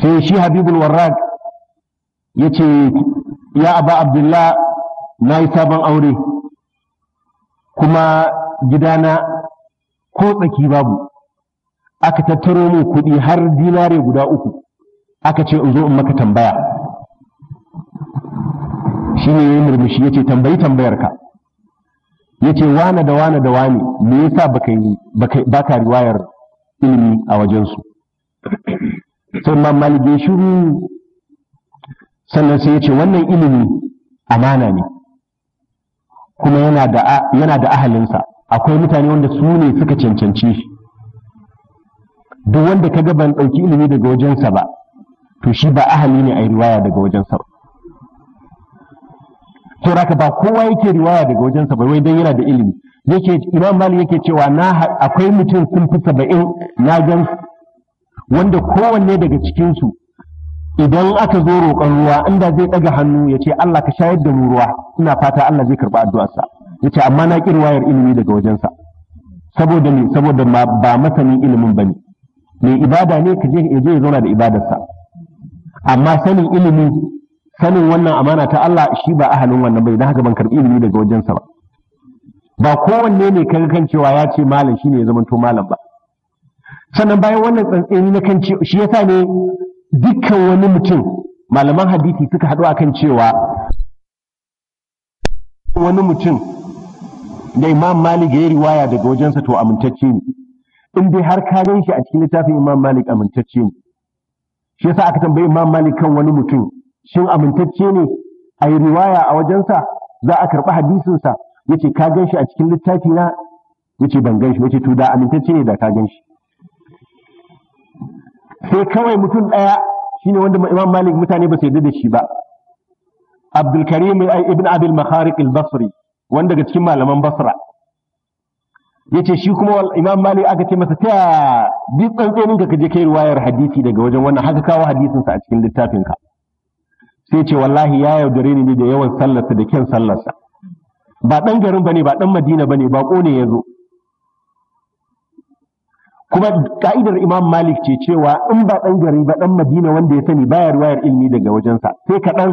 sai shi habibul warraq ya ce ya aba abdullah na yi sabon aure kuma gidana ko tsaki babu aka tattaro mu kuɗi har dinare guda uku aka ce in zo in maka tambaya shi ne ya yi murmushi ya ce tambayi tambayarka ya ce wane da wane da wane me yasa baka riwayar ilimi a wajensu sai ma maliki shiru sannan sai ya ce wannan ilimi amana ne kuma yana da ahalinsa akwai mutane wanda su ne suka cancanci shi duk wanda ka ga ban ɗauki ilimi daga wajensa ba to shi ba ahali ne a yi riwaya daga wajensa ba to raka ba kowa yake riwaya daga wajensa ba wai dan yana da ilimi yake imam malik yake cewa na akwai mutum sun fi 70 na gan wanda kowanne daga cikinsu idan aka zo roƙon ruwa inda zai ɗaga hannu ya ce Allah ka shayar da mu ruwa ina fata Allah zai karɓi addu'arsa ya ce amma na ƙirwa wayar ilimi daga wajensa saboda ne saboda ba masanin ilimin ba ne mai ibada ne ka je ya zauna da ibadarsa amma sanin ilimi sanin wannan amana ta Allah shi ba ahalin wannan bai don haka ban karɓi ilimi daga wajensa ba ba kowanne ne kaga cewa ya ce malam ne ya zamanto malam ba sannan bayan wannan tsantseni na kan cewa shi yasa ne dukkan wani mutum malaman hadisi suka haɗu akan cewa wani mutum da imam malik ya yi riwaya daga wajensa to amintacce ne in dai har ka gan shi a cikin littafin imam malik amintacce ne shi yasa aka tambayi imam malik kan wani mutum shin amintacce ne a yi riwaya a wajensa za a karɓi hadisinsa yace ka gan shi a cikin littafi na yace ban gan shi yace to da amintacce ne da ka gan shi sai kawai mutum ɗaya shine wanda imam malik mutane ba su yarda da shi ba abdulkarim ibn abil makharik al-basri wanda daga cikin malaman basra ce shi kuma imam malik aka ce masa ta bi tsantsenin ka kaje kai ruwayar hadisi daga wajen wannan haka kawo hadisinsa a cikin littafin ka sai ce wallahi ya yaudare ni da yawan sallarsa da kyan sallarsa ba dan garin bane ba ɗan madina bane ba ne ya zo kuma ka'idar imam malik ce cewa in ba ɗan gari ba ɗan madina wanda ya sani baya riwayar ilmi daga wajensa sai kaɗan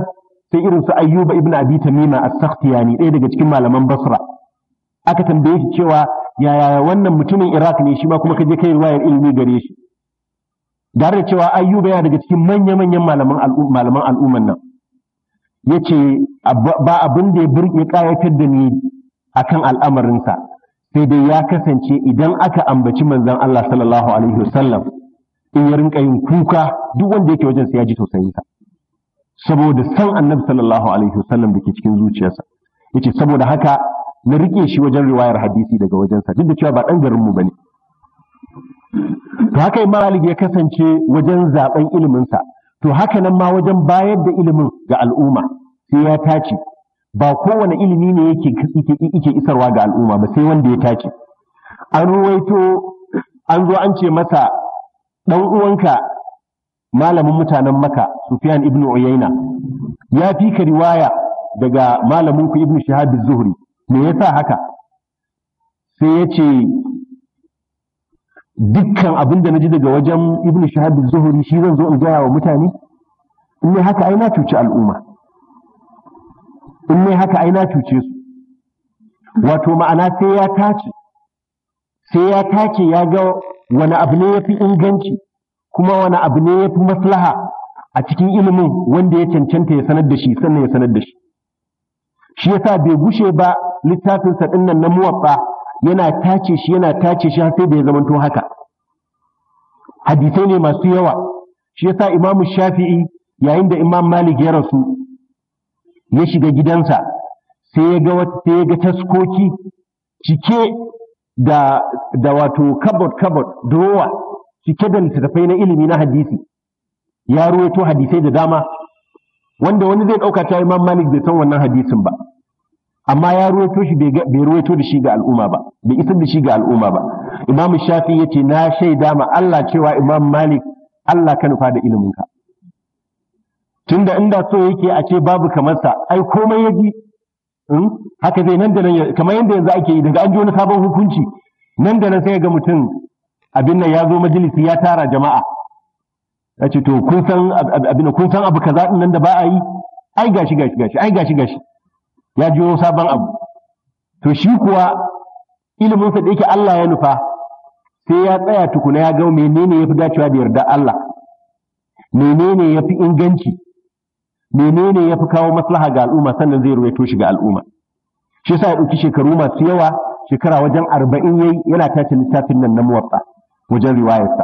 sai irin su ayyuba ibn abi tamima as-sakhtiyani ɗaya daga cikin malaman basra aka tambaye shi cewa yaya wannan mutumin iraq ne shi ma kuma ka je kai riwayar ilmi gare shi da da cewa ayyuba yana daga cikin manya manyan malaman malaman al'umman nan yace ba abin da ya burge kayatar da ni akan al'amarinsa sai dai ya kasance idan aka ambaci manzan Allah sallallahu alaihi wasallam in ya rinka yin kuka duk wanda yake wajen sai ya ji tausayinsa saboda san annabi sallallahu alaihi wasallam da ke cikin zuciyarsa yace saboda haka na rike shi wajen riwayar hadisi daga wajensa duk da cewa ba dan garin mu bane to haka imam malik ya kasance wajen zaben ilimin sa to haka nan ma wajen bayar da ilimin ga al'umma sai ya tace ba kowane ilimi ne yake isarwa ga al'umma ba sai wanda ya tace an ruwaito an zo an ce masa ɗan uwanka malamin mutanen maka Sufyan ibn Uyayna ya fi ka riwaya daga malamin ku ibn Shihab Zuhri me yasa haka sai ya ce dukkan abin da ji daga wajen ibn Shihab Zuhri shi zan zo in gaya wa mutane in haka ai na cuci al'umma in ne haka ai na cuce su wato ma'ana sai ya tace sai ya tace ya ga wani abu ne ya fi inganci kuma wani abu ne ya fi maslaha a cikin ilimin wanda ya cancanta ya sanar da shi sannan ya sanar da shi shi yasa bai gushe ba littafin sa dinnan na muwaffa yana tace shi yana tace shi har sai da ya zamanto haka hadisai ne masu yawa shi yasa imamu shafi'i yayin da imam malik ya rasu ya shiga gidansa sai ya ga sai ya ga taskoki cike da da wato cupboard cupboard drawer cike da littattafai na ilimi na hadisi ya ruwaito hadisai da dama wanda wani zai ɗauka ta imam malik bai san wannan hadisin ba amma ya ruwaito shi bai ruwaito da shi ga al'umma ba bai isar da shi ga al'umma ba imam shafi ya ce na shaida ma Allah cewa imam malik Allah ka nufa da iliminka tunda inda so yake a ce babu kamar sa ai komai ya ji hmm? haka zai nan da nan kamar yadda yanzu ake yi daga an ji wani sabon hukunci nan da nan sai ga mutum abin nan ya zo majalisi ya tara jama'a ya ce to kun san abin kun san abu kaza din nan da ba a yi ai gashi gashi gashi ai gashi gashi ya jiyo sabon abu to shi kuwa ilimin sa da yake Allah ya nufa sai ya tsaya tukuna ya ga menene yafi dacewa da yarda Allah menene yafi inganci menene ya fi kawo maslaha ga al'umma sannan zai ruwaito shi ga al'umma shi sa ya ɗauki shekaru masu yawa shekara wajen arba'in yayi yana tace littafin nan na muwatsa wajen riwayarsa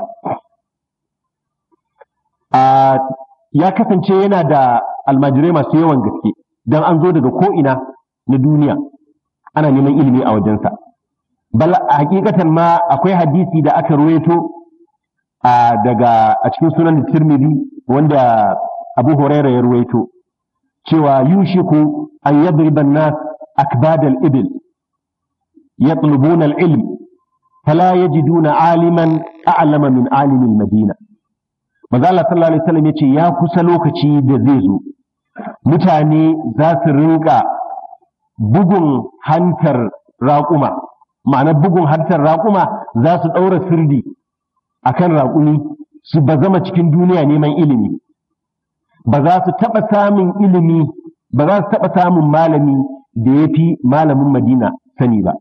ya kasance yana da almajirai masu yawan gaske don an zo daga ko'ina na duniya ana neman ilimi a wajensa a hakikatan ma akwai hadisi da aka ruwaito daga a cikin sunan tirmidhi wanda abu huraira ya ruwaito cewa yushiku an yadriba nas akbad al-ibil yatlubuna al-ilm fala yajiduna aliman a'lama min alim al-madina manzo Allah sallallahu alaihi wasallam yace ya kusa lokaci da zai zo mutane za su rinka bugun hantar raƙuma ma'ana bugun hantar raƙuma za su ɗaura sirdi akan raƙumi su bazama cikin duniya neman ilimi ba za su taɓa samun ilimi ba za su taɓa samun malami da ya fi malamin madina sani ba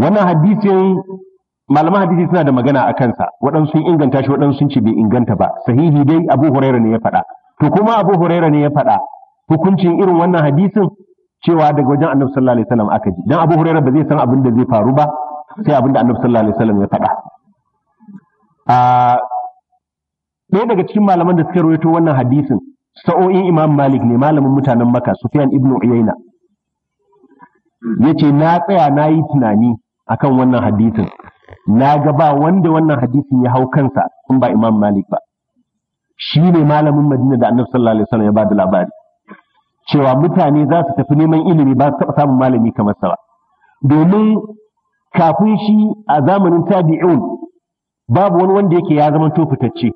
wannan hadisin malaman hadisi suna da magana a kansa waɗansu sun inganta shi waɗansu sun ce bai inganta ba sahihi dai abu huraira ne ya faɗa to kuma abu huraira ne ya faɗa hukuncin irin wannan hadisin cewa daga wajen annabi sallallahu aka ji dan abu huraira ba zai san abin da zai faru ba sai abin da annabi sallallahu ya faɗa ah, ɗaya daga cikin malaman da suka rawaito wannan hadisin sa'o'in imam malik ne malamin mutanen maka sufyan ibn uyaina yace na tsaya na yi tunani akan wannan hadisin na ga ba wanda wannan hadisin ya hau kansa in ba imam malik ba shi ne malamin madina da annabi sallallahu alaihi wasallam ya bada labari cewa mutane za su tafi neman ilimi ba su taɓa samun malami kamar sa ba domin kafin shi a zamanin tabi'un babu wani wanda yake ya zama to fitacce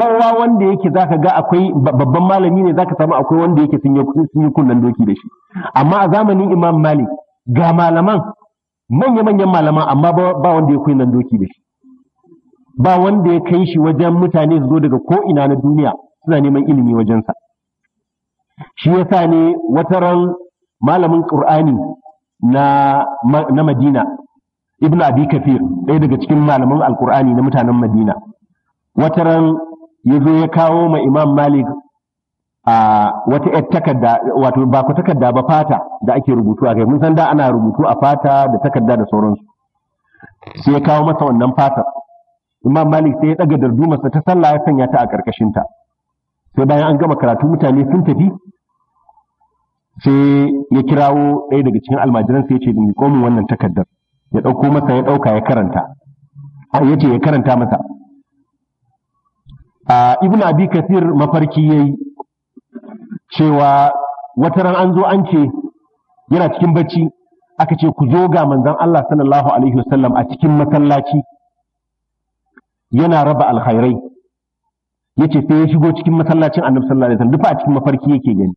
kowa wanda yake zaka ga akwai babban malami ne zaka samu akwai wanda yake sun yi kunnan doki da shi amma a zamanin imam malik ga malaman manya-manyan malaman amma ba wanda ya nan doki da shi ba wanda ya kai shi wajen mutane su zo daga ko'ina na duniya suna neman ilimi wajensa shi ya sa ne wataran malamin ƙur'ani na madina ibn abi kafir ɗaya daga cikin malaman alƙur'ani na mutanen madina wataran ya zo ya kawo ma imam malik a wata yar takarda wato ba ku takarda ba fata da ake rubutu a kai mun san da ana rubutu a fata da takarda da sauransu sai ya kawo masa wannan fatar imam malik sai ya daga dardumarsa ta sallah ya sanya ta a karkashin ta sai bayan an gama karatu mutane sun tafi sai ya kirawo ɗaya daga cikin almajiran sai ya ce mu mi wannan takardar ya ɗauko masa ya ɗauka ya karanta ya ce ya karanta masa ibn abi kathir mafarki yayi cewa wata ran an zo an ce yana cikin bacci aka ce ku zo ga manzon Allah sallallahu alaihi wasallam a cikin masallaci yana raba alkhairai yace sai ya shigo cikin masallacin annabi sallallahu alaihi wasallam dufa a cikin mafarki yake gani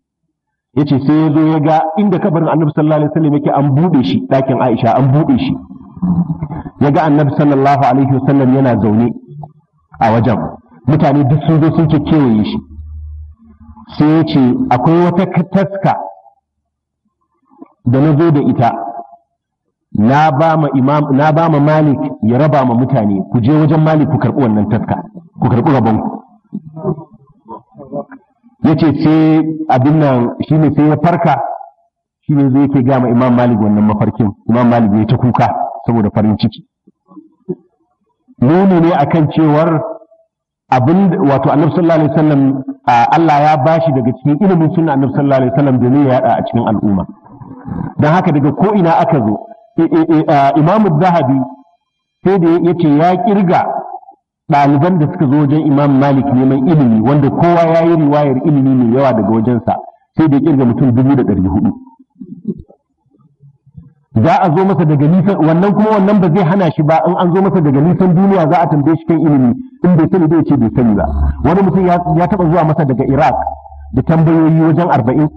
yace sai ya zo ya ga inda kabarin annabi sallallahu alaihi wasallam yake an bude shi ɗakin Aisha an bude shi ya ga annabi sallallahu alaihi wasallam yana zaune a wajen mutane duk sun zo sun kewaye shi sai ya ce akwai wata taska da na zo da ita na ba ma imam na ba ma malik ya raba ma mutane ku je wajen malik ku karɓi wannan taska ku karɓi rabon ku Ya ce sai abin nan shi ne sai ya farka shi ne zai ke gama imam malik wannan mafarkin imam malik ya ta kuka saboda farin ciki nuni ne akan cewar abin wato annabi sallallahu alaihi wasallam Allah ya bashi daga cikin ilimin suna annabi sallallahu alaihi wasallam domin ya yada a cikin al'umma dan haka daga ko ina aka zo imamu zahabi sai da ya ce ya kirga ɗaliban da suka zo wajen imam malik neman ilimi wanda kowa ya yi riwayar ilimi mai yawa daga wajensa sai da ya kirga mutum dubu da ɗari hudu za a zo masa daga nisan wannan kuma wannan ba zai hana shi ba in an zo masa daga nisan duniya za a tambaye shi kan ilimi in bai sani bai ce bai sani ba wani mutum ya taba zuwa masa daga iraq da tambayoyi wajen arba'in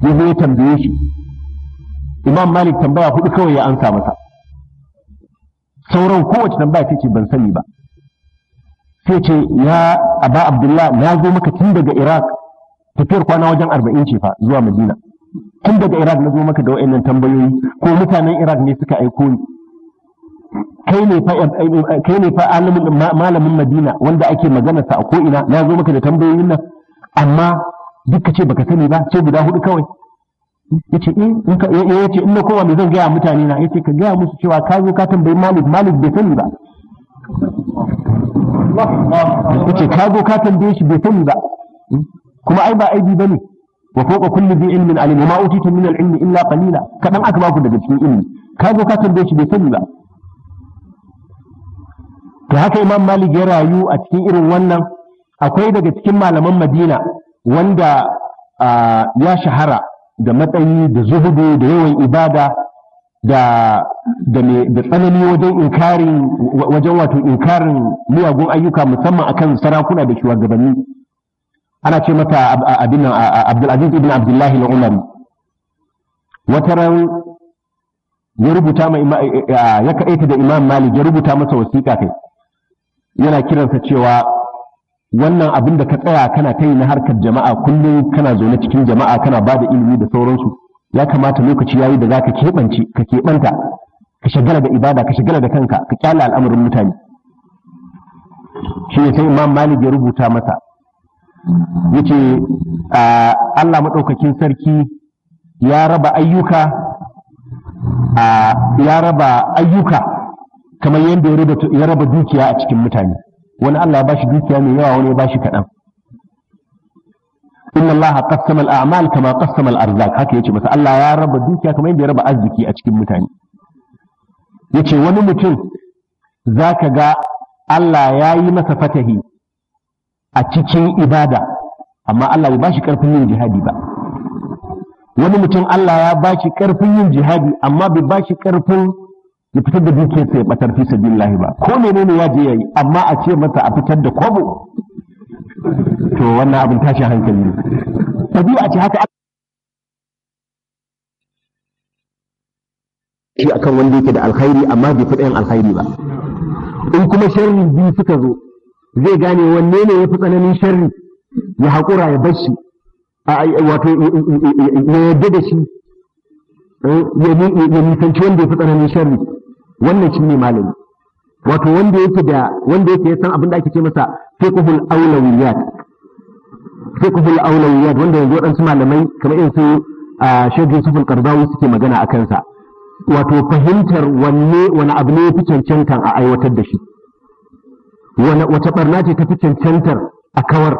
ya zo tambaye shi imam malik tambaya hudu kawai ya ansa masa sauran kowace tambaya ce ban sani ba sai ce ya aba abdullah na zo maka tun daga iraq tafiyar kwana wajen arba'in ce fa zuwa madina tun daga Iraq na zo maka da wa'annan tambayoyi ko mutanen Iraq ne suka aiko ni kai ne fa kai ne fa malamin Madina wanda ake magana sa a ko ina na zo maka da tambayoyin nan amma duk ce baka sani ba ce guda hudu kawai yace eh yace in na kowa me zan gaya mutane na yace ka gaya musu cewa ka zo ka tambayi Malik Malik bai sani ba yace ka zo ka tambaye shi bai sani ba kuma ai ba aibi bane wa fawqa kulli dhi ilmin alim ma utitum min al-ilmi illa qalila kadan aka baku daga cikin ilmi ka zo ka tambaye shi bai sani ba to haka imam malik ya rayu a cikin irin wannan akwai daga cikin malaman madina wanda ya shahara da matsayi da zuhudu da yawan ibada da da tsanani wajen inkarin wajen wato inkarin miyagun ayyuka musamman akan sarakuna da shugabanni ana ce mata abin abdulaziz ibn abdullahi na umari wata ran ya rubuta ma ya kaɗaita da imam malik ya rubuta masa wasiƙa kai yana kiransa cewa wannan abin da ka tsaya kana kai na harkar jama'a kullum kana na cikin jama'a kana ba da ilimi da sauransu ya kamata lokaci yayi da za ka keɓance ka keɓanta ka shagala da ibada ka shagala da kanka ka kyala al'amarin mutane shi ne sai imam malik ya rubuta masa yace Allah maɗaukakin sarki ya raba ayyuka ya raba ayyuka kamar yadda ya raba dukiya a cikin mutane wani Allah ya bashi dukiya mai yawa wani ya bashi kaɗan inna Allah qassama al-a'mal kama qassama al-arzaq haka yace masa Allah ya raba dukiya kamar yadda ya raba arziki a cikin mutane yace wani mutum zaka ga Allah ya yi masa fatahi a cikin ibada amma Allah ya ba shi ƙarfin yin jihadi ba wani mutum Allah ya ba shi ƙarfin yin jihadi amma bai ba shi ƙarfin ya fitar da dukiyarsa ya ɓatar fi sabilillahi ba ko ne menene ya je yayi amma a ce masa a fitar da kwabo to wannan abin tashin hankali ne tabi'a ce haka shi akan wanda yake da alkhairi amma bai fi ɗayan alkhairi ba in kuma sharri biyu suka zo zai gane wanne ne ya fi tsananin sharri ya haƙura ya bar shi wato ya yadda da shi eh, ya nisanci wanda ya fi tsananin sharri wannan shi ne malami wato wanda yake da wanda yake san abin da ake ce masa fiqhul awlawiyat fiqhul awlawiyat wanda yanzu waɗansu malamai kamar irin su Sheikh Yusuf al suke magana a kansa wato fahimtar wanne wani abu ne ya fi cancantan a aiwatar da shi wata barna ce ta fi cancantar a kawar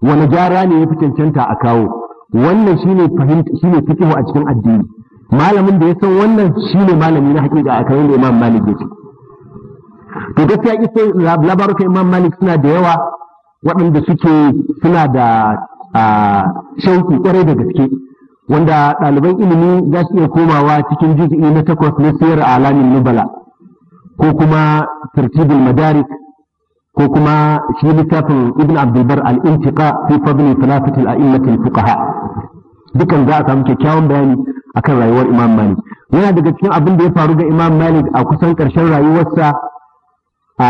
wani gyara ne ya fi cancanta a kawo wannan shi fahimta a cikin addini malamin da ya san wannan shi ne malami na hakika a kawo da Imam Malik ya ce. to gaskiya kisa labarukan Imam Malik suna da yawa waɗanda suke suna da shauki kwarai da gaske wanda ɗaliban ilimi za su iya komawa cikin juz'i na takwas na siyar alamin nubala ko kuma tartibul madarik ko kuma shi littafin ibn abdulbar al-intiqa fi fadli thalathati al-a'immati al-fuqaha dukan za a samu kyakkyawan bayani akan rayuwar imam malik yana daga cikin abin da ya faru ga imam malik a kusan karshen rayuwarsa a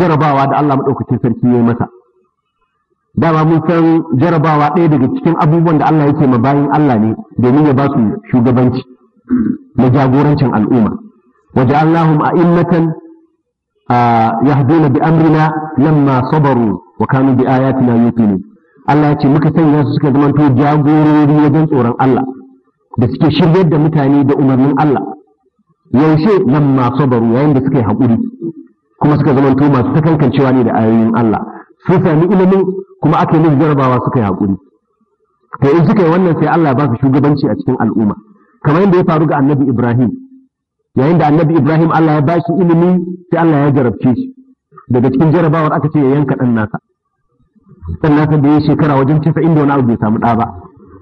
jarabawa da allah maɗaukacin sarki ya yi masa dama mun san jarabawa ɗaya daga cikin abubuwan da allah yake ma bayan allah ne domin ya ba su shugabanci na jagorancin al'umma waje allahu a yahduna bi amrina lamma sabaru wa kanu bi ayatina Allah ya ce muka sanya su suka zamanto jagorori wajen tsoron Allah da suke shiryar da mutane da umarnin Allah yaushe lamma sabaru yayin da suka yi haƙuri kuma suka zamanto masu takankancewa ne da ayoyin Allah sun sami ilimin kuma aka yi jarabawa suka yi haƙuri to in suka yi wannan sai Allah ya ba su shugabanci a cikin al'umma kamar yadda ya faru ga Annabi Ibrahim yayin da annabi Ibrahim Allah ya bashi ilimi sai Allah ya jarabce shi daga cikin jarabawar aka ce ya yanka ɗan nasa ɗan nasa da ya shekara wajen cisa inda wani abu bai samu ɗa ba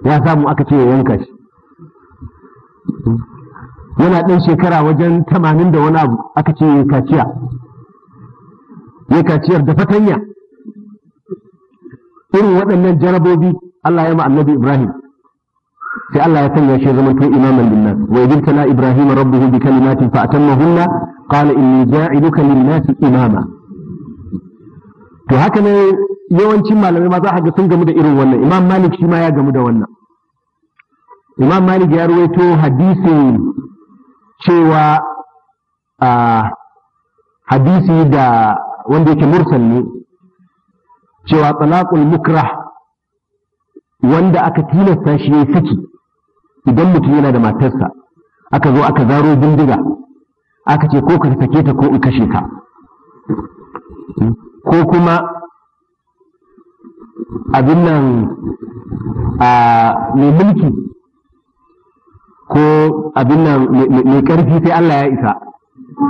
ya samu aka ce ya yanka shi yana ɗan shekara wajen tamanin da wani abu aka ce ya kaciya ya kaciyar da fatanya irin waɗannan jarabobi Allah ya ma annabi Ibrahim sai Allah ya sanya shi zaman to imaman linnas wa yajibtana ibrahima rabbuhu bi kalimatin fa atammahunna qala inni ja'iluka lin-nasi imama to haka ne yawancin malamai ma za a ga sun gamu da irin wannan imam malik shi ma ya gamu da wannan imam malik ya ruwaito hadisi cewa a hadisi da wanda yake mursal ne cewa talaqul mukrah wanda aka tilasta shi ya saki idan mutum yana da matarsa aka zo aka zaro bindiga aka ce ko ka sake ta ko in kashe ka ko kuma abin nan a mai mulki ko abin nan mai ƙarfi sai Allah ya isa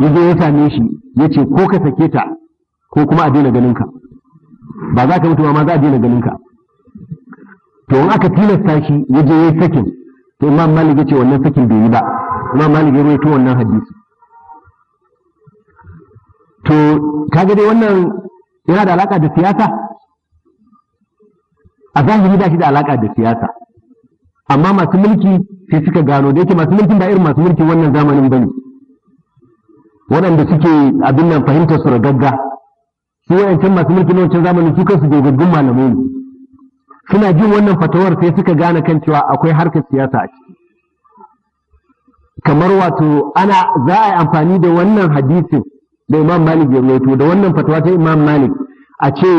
ya zo ya same shi ya ce ko ka sake ta ko kuma a daina ganinka ba za ka mutu ma za a daina ganinka to in aka tilasta shi ya je ya sakin to imam malik ya ce wannan sakin bai yi ba imam malik ya rawaito wannan hadisi to kaga dai wannan yana da alaka da siyasa a zahiri ba shi da alaka da siyasa amma masu mulki sai suka gano da yake masu mulkin da irin masu mulki wannan zamanin bane waɗanda suke abin nan fahimtar su ragagga su wayancan masu mulki na wancan zamanin su kansu gaggun malamai ne suna jin wannan fatawar sai suka gane kan cewa akwai harkar siyasa a ciki kamar wato ana za a yi amfani da wannan hadisin da imam malik ya rawaito da wannan fatawa ta imam malik a ce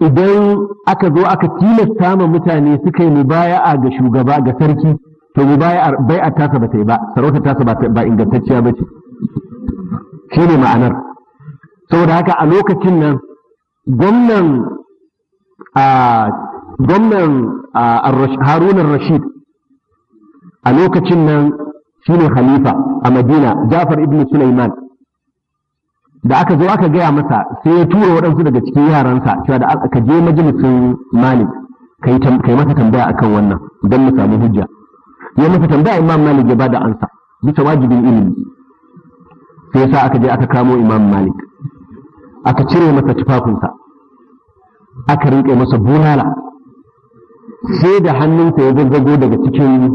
idan aka zo aka tilasta ma mutane suka yi mubaya'a ga shugaba ga sarki to bai a tasa ba ta ba sarauta tasa ba ingantacciya ba ce shine ma'anar saboda haka a lokacin nan gwamnan a gwamnan harunan rashid a lokacin nan shi ne halifa a madina jafar ibn sulaiman da aka zo aka gaya masa sai ya tura waɗansu daga cikin yaransa cewa da aka je majalisin malik kai masa tambaya akan wannan don mu samu hujja ya masa tambaya imam malik ya bada ansa bisa wajibin ilimi sai sa aka je aka kamo imam malik aka cire masa tufafinsa aka rinƙe masa bulala sai da hannunsa ya zazzago daga cikin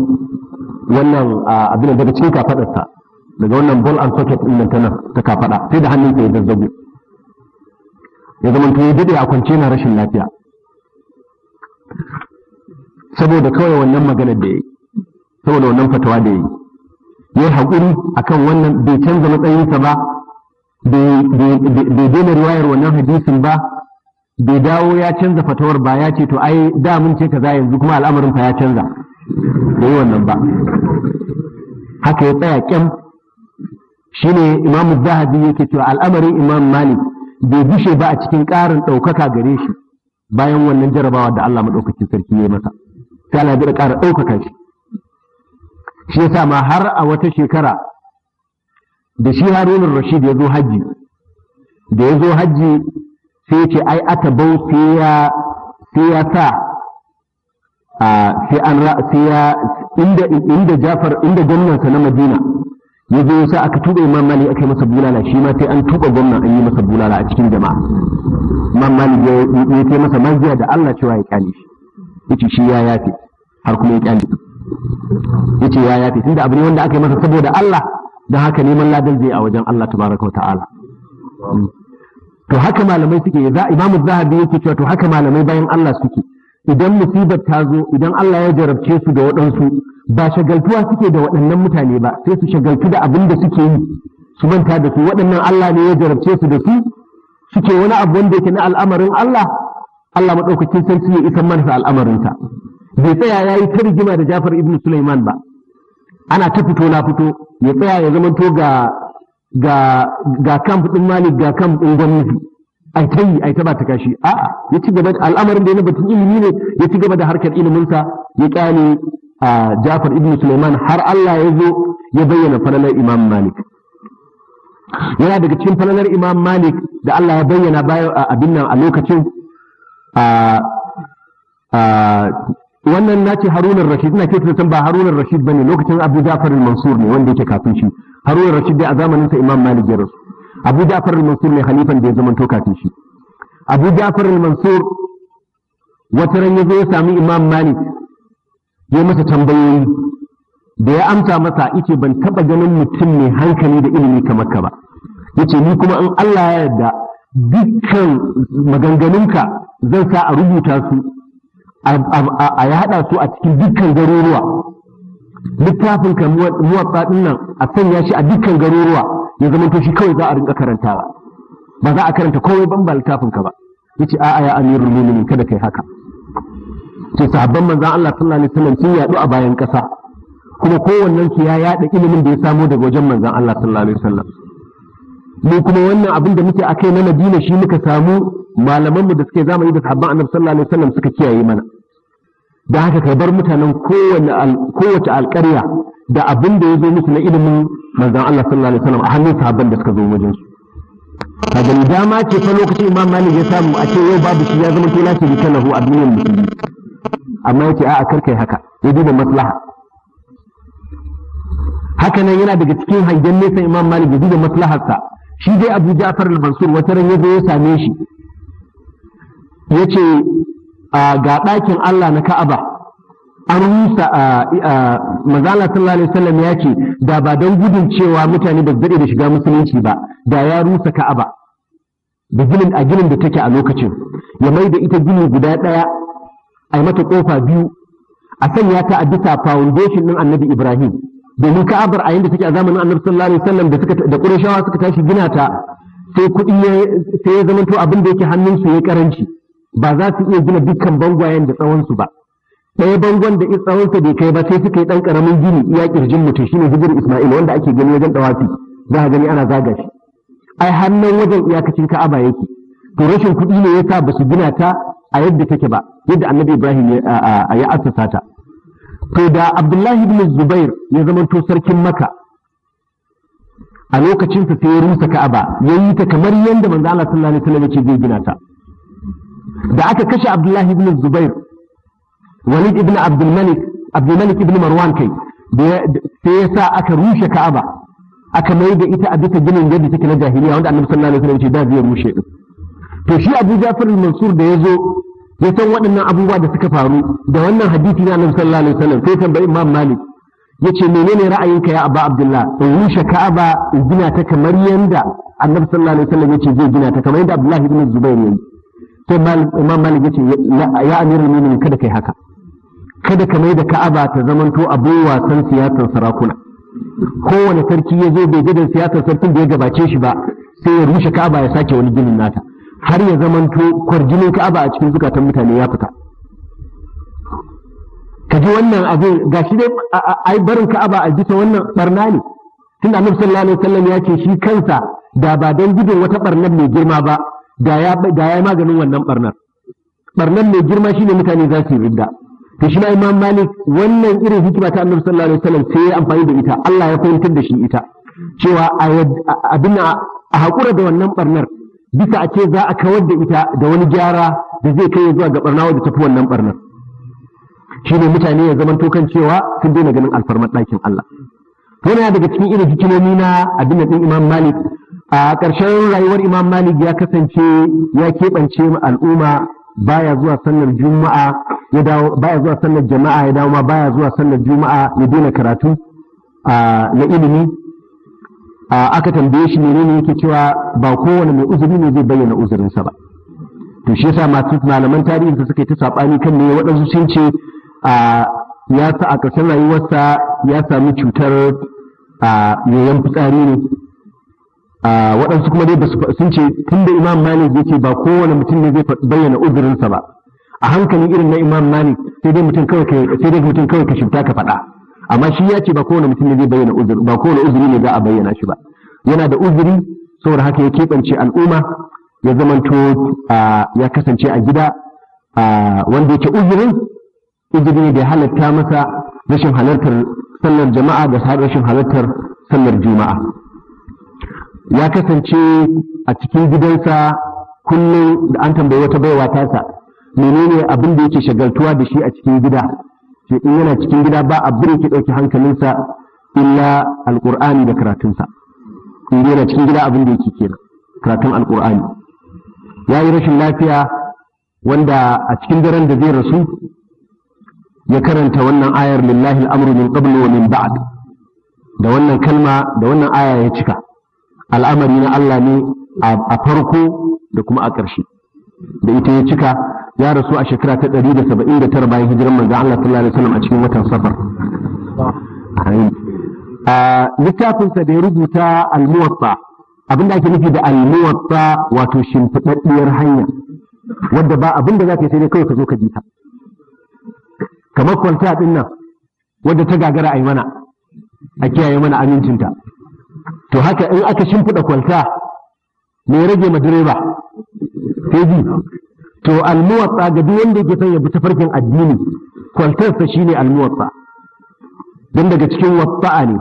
wannan abin daga cikin kafadarsa daga wannan ball and socket din nan ta nan ta kafada sai da hannunsa ya zazzago ya zama to ya dade a kwance na rashin lafiya saboda kawai wannan maganar da ya yi saboda wannan fatawa da ya yi ya yi haƙuri a kan wannan bai canza matsayinsa ba bai daina riwayar wannan hadisin ba bai dawo ya canza fatawar ba ya ce to ai da mun ce kaza yanzu kuma al'amarin fa ya canza bai wannan ba haka ya tsaya kyam shine imamu zahabi yake cewa al'amarin imam malik bai bushe ba a cikin ƙarin ɗaukaka gare shi bayan wannan jarabawa da Allah maɗaukaki sarki ya yi masa sai Allah ya ƙara ɗaukaka shi shi yasa ma har a wata shekara da shi harunan Rashid ya zo hajji da ya zo hajji sai ce ai aka bau sai ya sa sai an sai ya inda inda Jafar inda gwamnansa na Madina ya zo aka tuba Imam Malik aka yi masa bulala shi ma sai an tuba gwamnan an yi masa bulala a cikin jama'a Imam Malik ya ce masa magiya da Allah cewa ya kyale shi yace shi ya yafe har kuma ya kyale yace ya yafe tunda abu ne wanda aka yi masa saboda Allah dan haka neman ladan zai a wajen Allah tabaraka wa ta'ala to haka malamai suke za imamu zahabi yake cewa to haka malamai bayan Allah suke idan musibar ta zo idan Allah ya jarabce su da waɗansu ba shagaltuwa suke da waɗannan mutane ba sai su shagaltu da abin da suke yi su manta da su waɗannan Allah ne ya jarabce su da su suke wani abu wanda yake na al'amarin Allah Allah maɗaukakin sarki ya isa mansa ta. bai tsaya ya yi ta rigima da Jafar ibn Sulaiman ba ana ta fito na fito ya tsaya ya zamanto ga ga ga ɗin malik ga camp ɗin gwamnati a ta yi a ta ba ta kashi a'a ya ci gaba al'amarin da ya batun ilimi ne ya ci gaba da harkar iliminsa ya kyale a Jafar ibn Sulaiman har Allah ya zo ya bayyana falalar Imam Malik yana daga cikin falalar Imam Malik da Allah ya bayyana bayan abin nan a lokacin wannan na ce harunan rashid na ke san ba harunan rashid ba ne. lokacin abu jafar mansur ne wanda yake kafin shi harunan rashid dai a zamanin sa imam malik ya rasu abu jafar mansur ne halifan da ya zama kafin shi abu jafar mansur wata ran yazo ya sami imam malik ya masa tambayoyi da ya amsa masa ike ban taba ganin mutum mai hankali da ilimi kamar ka ba Ya ce ni kuma in Allah ya yarda dukkan maganganunka zan sa a rubuta su a haɗa su a cikin dukkan garuruwa littafin ka muwatsa ɗin nan a sanya shi a dukkan garuruwa ya zama to shi kawai za a rinka karantawa ba za a karanta kowai ban ba littafin ka ba yace a'a ya amirul mu'minin kada kai haka to sahabban manzon Allah sallallahu alaihi wasallam sun yaɗu a bayan ƙasa kuma kowannen su ya yaɗa ilimin da ya samo daga wajen manzon Allah sallallahu alaihi wasallam mu kuma wannan abin da muke akai na Madina shi muka samu malamanmu da suke zamani da sahabban Annabi sallallahu alaihi wasallam suka kiyaye mana da haka kai bar mutanen kowace alƙarya da abin da ya zo musu na ilimin manzon Allah sallallahu alaihi wasallam a hannun sahabban da suka zo wajen su kaga dama ce fa lokacin imam malik ya samu a ce yau babu shi ya zama to lati bi lahu a duniyar musulmi amma yake a'a kar kai haka ya duba maslaha haka yana daga cikin hangen nesa imam malik ya duba maslaharsa shi dai abu ja'far al-mansur wata ran ya zo ya same shi yace ga ɗakin Allah na Ka'aba an rusa a manzala sallallahu alaihi wasallam ya ce da ba don gudun cewa mutane ba daɗe da shiga musulunci ba da ya rusa Ka'aba da ginin a ginin da take a lokacin ya mai da ita gini guda ɗaya a mata ƙofa biyu a sanya ta a bisa foundation ɗin annabi Ibrahim domin ka'abar a yadda take a zamanin annabi sallallahu alaihi wasallam da suka suka tashi gina ta sai kuɗi sai ya zamanto abin da yake hannunsu ya karanci ba za su iya gina dukkan bangwayen da tsawonsu ba ɗaya bangon da tsawonsa bai kai ba sai suka yi ɗan ƙaramin gini iya ƙirjin mutum shine gudun isma'il wanda ake gani wajen ɗawafi za a gani ana zaga shi ai hannun wajen iyakacin ka'aba yake to rashin kuɗi ne ya sa ba su gina ta a yadda take ba yadda annabi ibrahim ya assasa ta to da abdullahi ibn zubair ya zamanto sarkin maka a lokacinsa sai ya rusa ka'aba ya yi ta kamar yadda manzo Allah sallallahu alaihi wasallam ya ce zai gina ta da aka kashe abdullahi ibn zubair walid ibn abdulmalik Malik ibn marwan kai sai ya sa aka rushe ka'aba aka mai da ita a bisa ginin gadi take na jahiliya wanda annabi sallallahu alaihi wasallam ce da zai rushe din to shi abu jafar mansur da ya zo ya san waɗannan abubuwa da suka faru da wannan hadisi na annabi sallallahu alaihi wasallam sai tambayi imam malik yace menene ra'ayinka ya abba abdullah in rushe ka'aba in gina ta kamar yanda annabi sallallahu alaihi wasallam yace zai gina ta kamar yanda abdullahi ibn zubair yayi sai imam malik ce ya amirul mu'minin kada kai haka kada ka mai da ka'aba ta zamanto abin wasan siyasar sarakuna kowane sarki ya zo bai gidan siyasar sarkin da ya gabace shi ba sai ya rushe ka'aba ya sake wani ginin nata har ya zamanto kwarjinin ka'aba a cikin zukatan mutane ya fita ka ji wannan abin ga shi dai ai barin ka'aba a bisa wannan barna ne tun annabi sallallahu alaihi wasallam ya ce shi kansa da ba don gudun wata barnar mai girma ba da ya maganin wannan barnar barnar mai girma shine mutane za su yi ridda to shi ma imam malik wannan irin hikima ta annabi sallallahu alaihi wasallam sai ya amfani da ita Allah ya fahimtar da shi ita cewa abin a hakura da wannan barnar bisa a ce za a kawar da ita da wani gyara da zai kai zuwa ga barna da tafi wannan barnar shi ne mutane ya zaman tokan cewa sun daina ganin alfarmar ɗakin Allah to yana daga cikin irin hikimomi na abin da ɗin imam malik a ƙarshen rayuwar imam malik ya kasance ya keɓance al'umma baya zuwa sallar juma'a ya dawo baya zuwa sallar jama'a ya dawo ma baya zuwa sallar juma'a ya daina karatu na ilimi aka tambaye shi menene yake cewa ba kowane mai uzuri ne zai bayyana uzurinsa ba to shi yasa masu malaman tarihi suka yi ta sabani kan ne waɗansu sun ce ya sa a ƙarshen rayuwarsa ya sami cutar yoyon fitsari ne waɗansu kuma dai sun ce tun da imam malik yake ba kowane mutum ne zai bayyana uzurinsa ba a hankalin irin na imam malik sai dai mutum kawai sai dai mutum kawai ka shifta ka faɗa amma shi ya ce ba kowane mutum ne zai bayyana uzuri ba kowane uzuri ne za a bayyana shi ba yana da uzuri saboda haka ya keɓance al'umma ya zamanto ya kasance a gida wanda yake uzurin uzuri ne da halatta masa rashin halartar sallar jama'a da rashin halartar sallar juma'a ya kasance a cikin gidansa kullum da an tambayi wata baiwa tasa menene abin da yake shagaltuwa da shi a cikin gida Sai in yana cikin gida ba abin yake ɗauki hankalinsa illa alƙur'ani da karatunsa in yana cikin gida abin da yake kenan karatun alƙur'ani ya yi rashin lafiya wanda a cikin daren da zai rasu ya karanta wannan ayar lillahi al'amru min qablu wa min ba'd da wannan kalma da wannan aya ya cika al'amari na Allah ne a farko da kuma a ƙarshe da ita ya cika ya rasu a shekara ta ɗari da saba'in da tara bayan hijirar manzo Allah sallallahu alaihi wasallam a cikin watan safar littafinsa da ya rubuta al-muwatta abinda ake nufi da al-muwatta wato shimfiɗaɗɗiyar hanya wadda ba abinda za yi sai dai kawai ka zo ka ji ta kamar kwalta ɗin nan wadda ta gagara a yi mana a kiyaye mana amincinta to haka in aka shimfiɗa kwalta me rage ma direba feji to almuwatsa ga duk wanda yake son ya bi tafarkin addini shi shine almuwatsa dan daga cikin wasa'a ne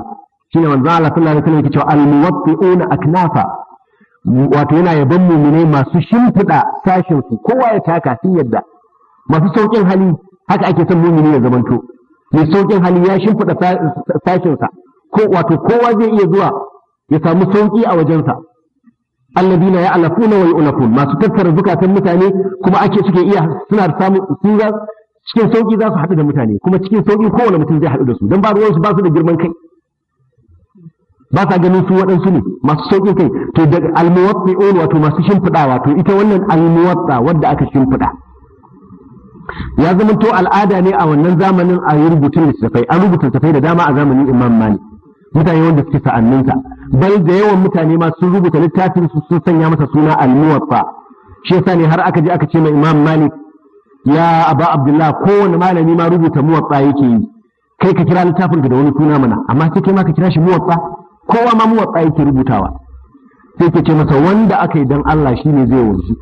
shine manzo Allah sallallahu alaihi wasallam yake cewa almuwatti'una aknafa wato yana yaban mu'minai masu shimfiɗa sashin su kowa ya taka sun yadda masu saukin hali haka ake son mu'mini ya zamanto mai saukin hali ya shimfiɗa sashin sa ko wato kowa zai iya zuwa ya samu sauƙi a wajensa alladina ya alafuna wa yu'lafun masu tattara zukatan mutane kuma ake suke iya suna samun sun cikin sauƙi za su haɗu da mutane kuma cikin sauƙi kowane mutum zai haɗu da su don ba ruwansu ba su da girman kai ba sa ganin su waɗansu ne masu sauƙin kai to da ulu wato masu shimfiɗawa to ita wannan almuwatta wadda aka shimfiɗa ya zama to al'ada ne a wannan zamanin a yi rubutun littattafai an rubuta littattafai da dama a zamanin imam malik mutane wanda suke sa'anninsa bal da yawan mutane ma sun rubuta littafin su sun sanya masa suna al-muwaffa shi yasa ne har aka je aka ce mai imam malik ya aba abdullah kowane malami ma rubuta muwaffa yake yi kai ka kira littafin ka da wani suna mana amma sai kai ma ka kira shi muwaffa kowa ma muwaffa yake rubutawa sai ke ce masa wanda aka yi dan Allah shi ne zai wanzu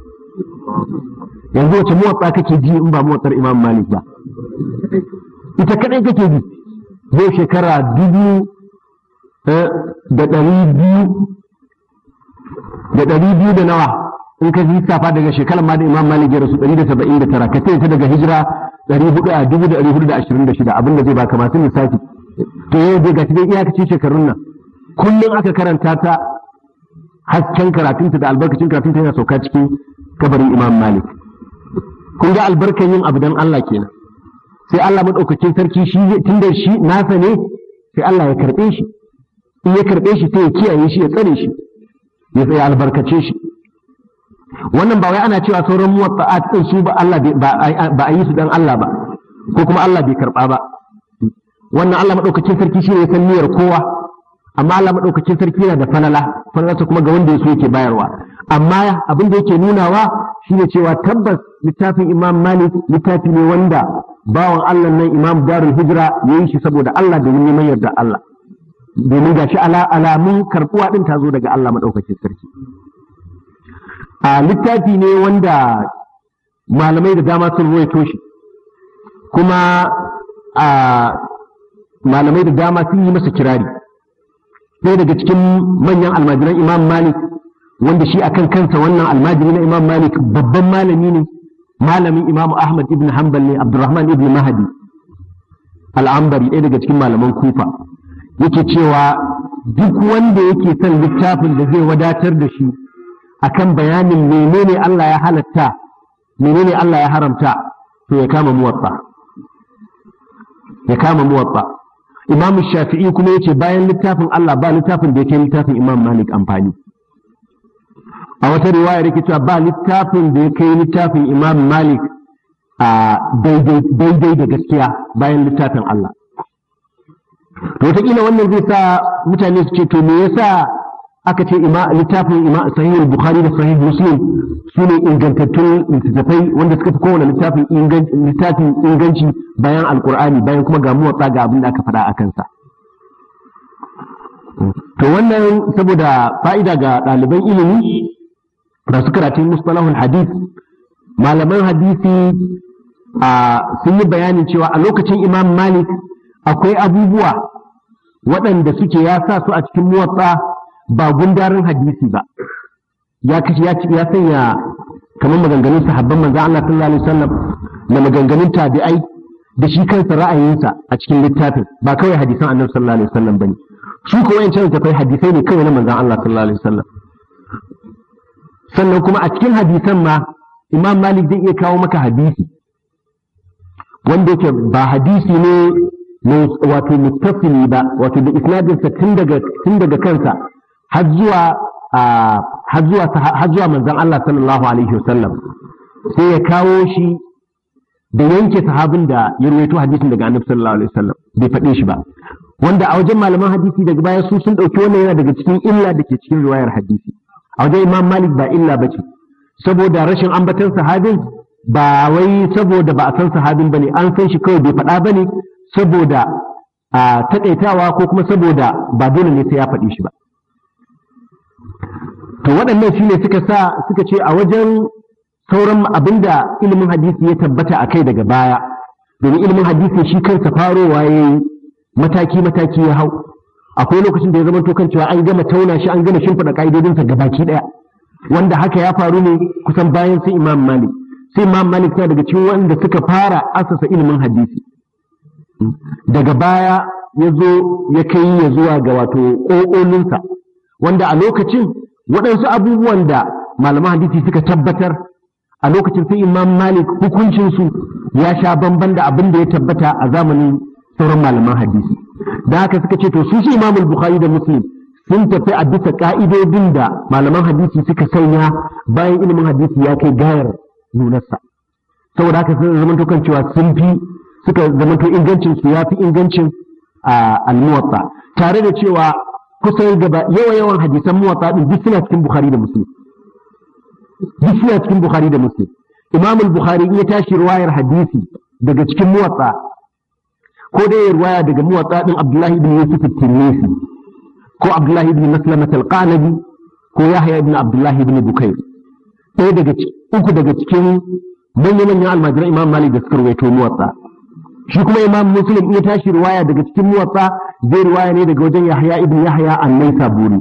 yanzu wace muwaffa kake ji in ba muwaffar imam malik ba ita kadai kake ji zai shekara dubu Eh, da ɗari biyu da ɗari biyu da nawa in ka lissafa daga shekarar ma da imam malik ya rasu ɗari da saba'in da tara ka ce ta daga hijira ɗari hudu a dubu da ɗari hudu da ashirin da shida abinda zai baka masu lissafi to yau dai gashi dai iyakaci shekarun nan kullum aka karanta ta hasken karatunta da albarkacin karatunta yana sauka cikin kabarin imam malik kun ga albarkan yin abu don Allah kenan sai Allah maɗaukakin sarki shi tun da shi nasa ne sai Allah ya karɓe shi in ya karɓe shi ta ya kiyaye shi ya tsare shi ya tsaye albarkace shi wannan ba wai ana cewa sauran muwatta'at din su ba Allah ba a yi su dan Allah ba ko kuma Allah bai karɓa ba wannan Allah madaukakin sarki shi ne ya san niyyar kowa amma Allah madaukakin sarki yana da falala ta kuma ga wanda ya so yake bayarwa amma abin da yake nunawa ne cewa tabbas littafin Imam Malik littafi ne wanda bawan Allah nan Imam Darul Hijra ya yi shi saboda Allah da neman yarda Allah domin ga shi alamun karɓuwa ɗin ta zo daga Allah maɗaukacin sarki a littafi ne wanda malamai da dama sun ruwaito shi kuma a malamai da dama sun yi masa kirari ɗaya daga cikin manyan almajiran imam malik wanda shi akan kansa wannan almajiri na imam malik babban malami ne malamin imam ahmad ibn hanbal ne Abdulrahman ibn mahadi al'ambari ɗaya daga cikin malaman kufa yake cewa duk wanda yake son littafin da zai wadatar da shi akan bayanin menene Allah ya halatta menene Allah ya haramta to ya kama muwatta ya kama muwatta imamu shafi'i kuma yace bayan littafin Allah ba littafin da yake littafin imam malik amfani a wata riwaya yake cewa ba littafin da ya kai littafin imam malik a daidai da gaskiya bayan littafin Allah to wataƙila wannan zai sa mutane su ce to me yasa aka ce littafin ima bukhari da sahih muslim su ne ingantattun littattafai wanda suka fi kowane littafin inganci bayan alkur'ani bayan kuma ga muwatsa ga abin da aka faɗa a kansa to wannan saboda fa'ida ga ɗaliban ilimi da suka karatun mustalahul hadith malaman hadisi sun yi bayanin cewa a lokacin imam malik akwai abubuwa waɗanda suke ya sa su a cikin muwatsa ba gundarin hadisi ba ya kashi ya sanya kamar maganganun sahabban manzo Allah sallallahu alaihi wasallam na maganganun tabi'ai da shi kansa ra'ayinsa a cikin littafin ba kawai hadisan annabi sallallahu alaihi wasallam bane su ko wayancan da kai hadisai ne kawai na manzon Allah sallallahu alaihi wasallam sannan kuma a cikin hadisan ma Imam Malik zai iya kawo maka hadisi wanda yake ba hadisi ne wato muttasili ba wato da isnadinsa tun daga tun daga kansa har zuwa har manzon Allah sallallahu alaihi wasallam sai ya kawo shi da yanke sahabin da ya rawaito hadisin daga annabi sallallahu alaihi wasallam bai faɗe shi ba wanda a wajen malaman hadisi daga baya su sun ɗauki wannan yana daga cikin illa da ke cikin riwayar hadisi a wajen imam malik ba illa ba ce saboda rashin ambatan sahabin ba wai saboda ba a san sahabin ba ne an san shi kawai bai faɗa ba ne saboda a taƙaitawa ko kuma saboda ba dole ne sai ya faɗi shi ba to waɗannan shi ne suka sa suka ce a wajen sauran abinda ilimin hadisi ya tabbata a kai daga baya domin ilimin hadisi shi kansa farowa ya yi mataki-mataki ya hau akwai lokacin da ya zama kan cewa an gama tauna shi an gama shimfiɗa ƙa'idodinsa gabaki ɗaya wanda haka ya faru ne kusan bayan sai imam malik sai imam malik suna daga cikin wanda suka fara asasa ilimin hadisi daga baya ya zo ya kai ya zuwa ga wato ƙoƙolinsa wanda a lokacin waɗansu abubuwan da malaman hadisi suka tabbatar a lokacin sai imam malik hukuncinsu ya sha bamban da abin da ya tabbata a zamanin sauran malaman hadisi da haka suka ce to su shi imam bukhari da muslim sun tafi a bisa ƙa'idodin da malaman hadisi suka sanya bayan ilimin hadisi ya kai gayar nunarsa saboda haka sun zama kan cewa sun fi suka zamanto ingancin su ya fi ingancin al-muwatta tare da cewa kusan gaba yawa yawan hadisan muwatta din duk suna cikin bukhari da muslim duk suna cikin bukhari da muslim imam al-bukhari ya tashi riwayar hadisi daga cikin muwatta ko dai ya riwaya daga muwatta din abdullahi ibn yusuf at-tirmidhi ko abdullahi ibn maslamah al-qanabi ko yahya ibn abdullahi ibn bukair ɗaya daga uku daga cikin manyan manyan almajiran imam malik da suka rawaito muwatta shi kuma imam muslim ya tashi riwaya daga cikin muwatsa zai riwaya ne daga wajen yahya ibn yahya annai saburi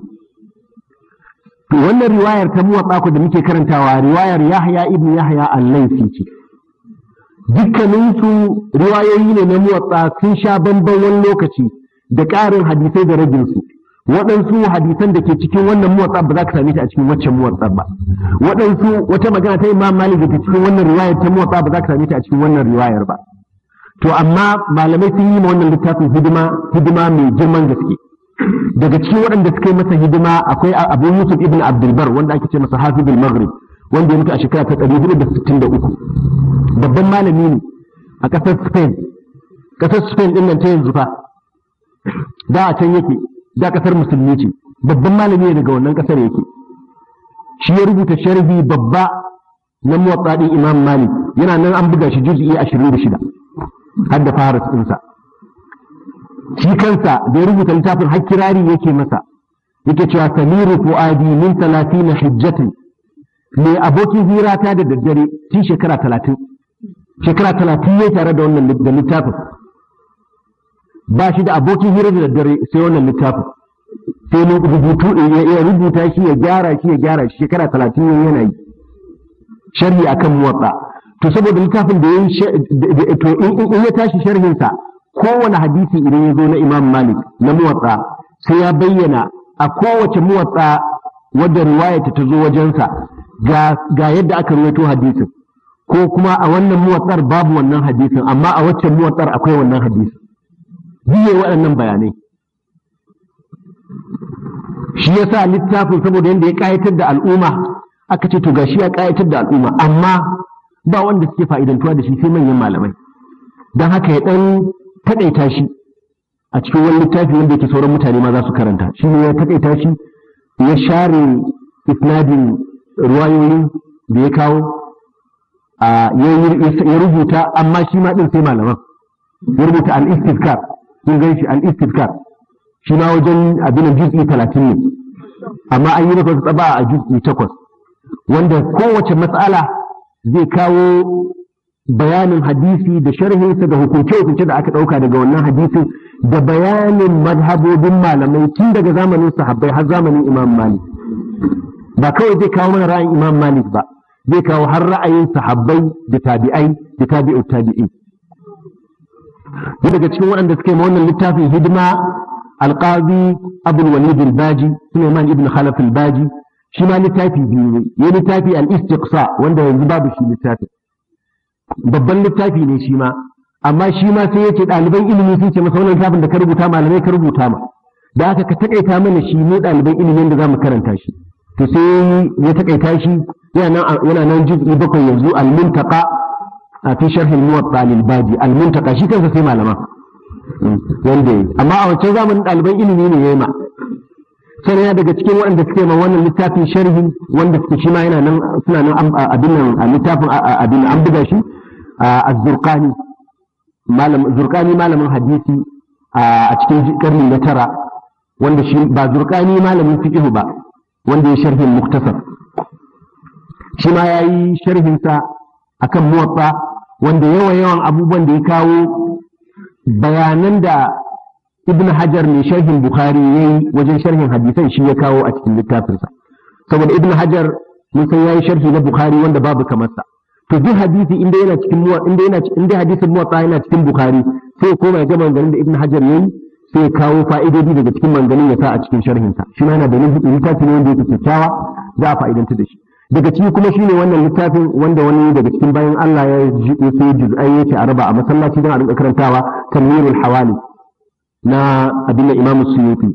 to wannan riwayar ta muwatsa ku da muke karantawa riwayar yahya ibn yahya annai ce dukkaninsu riwayoyi ne na muwatsa sun sha bamban wani lokaci da ƙarin hadisai da su waɗansu hadisan da ke cikin wannan muwatsa ba za ka same shi a cikin waccan muwatsa ba waɗansu wata magana ta imam malik da ke cikin wannan riwayar ta muwatsa ba za ka same shi a cikin wannan riwayar ba to amma malamai sun yi ma wannan littafin hidima hidima mai girman gaske daga cikin waɗanda suka yi masa hidima akwai abu yusuf ibn abdulbar wanda ake ce masa hafizul maghrib wanda ya mutu a shekara ta ɗari da babban malami ne a ƙasar spain ƙasar spain ɗin nan ta yanzu fa da a can yake da ƙasar musulmi ce babban malami ne daga wannan ƙasar yake shi ya rubuta sharhi babba na muwaɗa imam malik yana nan an buga shi juz'i ashirin da shida Hadda fara faras ɗinsa shi kansa da ya rubuta littafin har kirari yake masa yake cewa samiru fu'adi min talatin hijjatin me abokin hira ta da daddare tun shekara talatin shekara talatin ya tare da wannan da littafin ba shi da abokin hira da daddare sai wannan littafin sai rubutu ya rubuta shi ya gyara shi ya gyara shi shekara talatin yana yi sharhi akan muwatsa to saboda littafin da to in ya tashi sharhin sa kowane hadisi idan ya zo na Imam Malik na muwatsa sai ya bayyana a kowace muwatsa wadda riwayata ta zo wajensa ga yadda aka rawaito hadisin ko kuma a wannan muwatsar babu wannan hadisin amma a waccan muwatsar akwai wannan hadisin biye waɗannan bayanai shi ya sa littafin saboda yadda ya ƙayatar da al'umma aka ce to gashi ya ƙayatar da al'umma amma ba wanda suke fa'idantuwa da shi sai manyan malamai don haka ya ɗan taƙaita shi a cikin wani littafi wanda yake sauran mutane ma za su karanta shi ne ya taƙaita shi ya share isnadin ruwayoyin da ya kawo ya rubuta amma shi ma ɗin sai malaman ya rubuta al sun gan shi al shi ma wajen abin juz'i talatin ne amma an yi tsaba a juz'i takwas wanda kowace matsala zai kawo bayanin hadisi da sharhinsa da hukunce-hukunce da aka ɗauka daga wannan hadisin da bayanin madhabobin malamai tun daga zamanin sahabbai har zamanin imam malik ba kawai zai kawo mana ra'ayin imam malik ba zai kawo har ra'ayin sahabbai da tabi'ai da tabi'ut tabi'i daga cikin waɗanda suka yi wannan littafin hidima alqazi abul walid al-baji suleiman ibn khalaf al-baji shi ma littafi biyu ne ya littafi al-istiqsa wanda yanzu babu shi littafi. babban littafi ne shi ma amma shi ma sai yace ɗaliban ilimi sun ce masa wannan littafin da ka rubuta malamai ka rubuta ma da haka ka takaita mana shi ne ɗaliban ilimin da zamu karanta shi to sai ya takaita shi yana nan juz'i bakwai yanzu al-muntaqa a fi sharh al-muwatta lil baji al-muntaqa shi kansa sai malama wanda hmm, amma a wancan zamanin ɗaliban ilimi ne yayi ma ya daga cikin waɗanda suke ma wannan littafin sharhi wanda suke shi ma yana nan suna nan abin nan littafin abin an buga shi az-zurqani malam zurqani malamin hadisi a cikin karni na tara wanda shi ba zurqani malamin fiqh ba wanda ya sharhin muktasar shi ma yayi sharhin sa akan muwatta wanda yawa yawan abubuwan da ya kawo bayanan da ibn hajar mai sharhin bukhari yayi wajen sharhin hadisan shi ya kawo a cikin littafinsa saboda ibn hajar mun san yayi sharhi na bukhari wanda babu kamar sa to duk hadisi inda yana cikin muwa inda yana inda hadisin muwatta yana cikin bukhari sai ya koma ya ga maganganun da ibn hajar yayi sai ya kawo fa'idodi daga cikin maganganun ya sa a cikin sharhin sa shi ma yana da littafin ne wanda yake kyakkyawa za a fa'idanta da shi daga ciki kuma shine wannan littafin wanda wani daga cikin bayan Allah ya sai juz'ai ce a raba a masallaci don a rinka karantawa tanwirul hawali na abin da imamu suyuti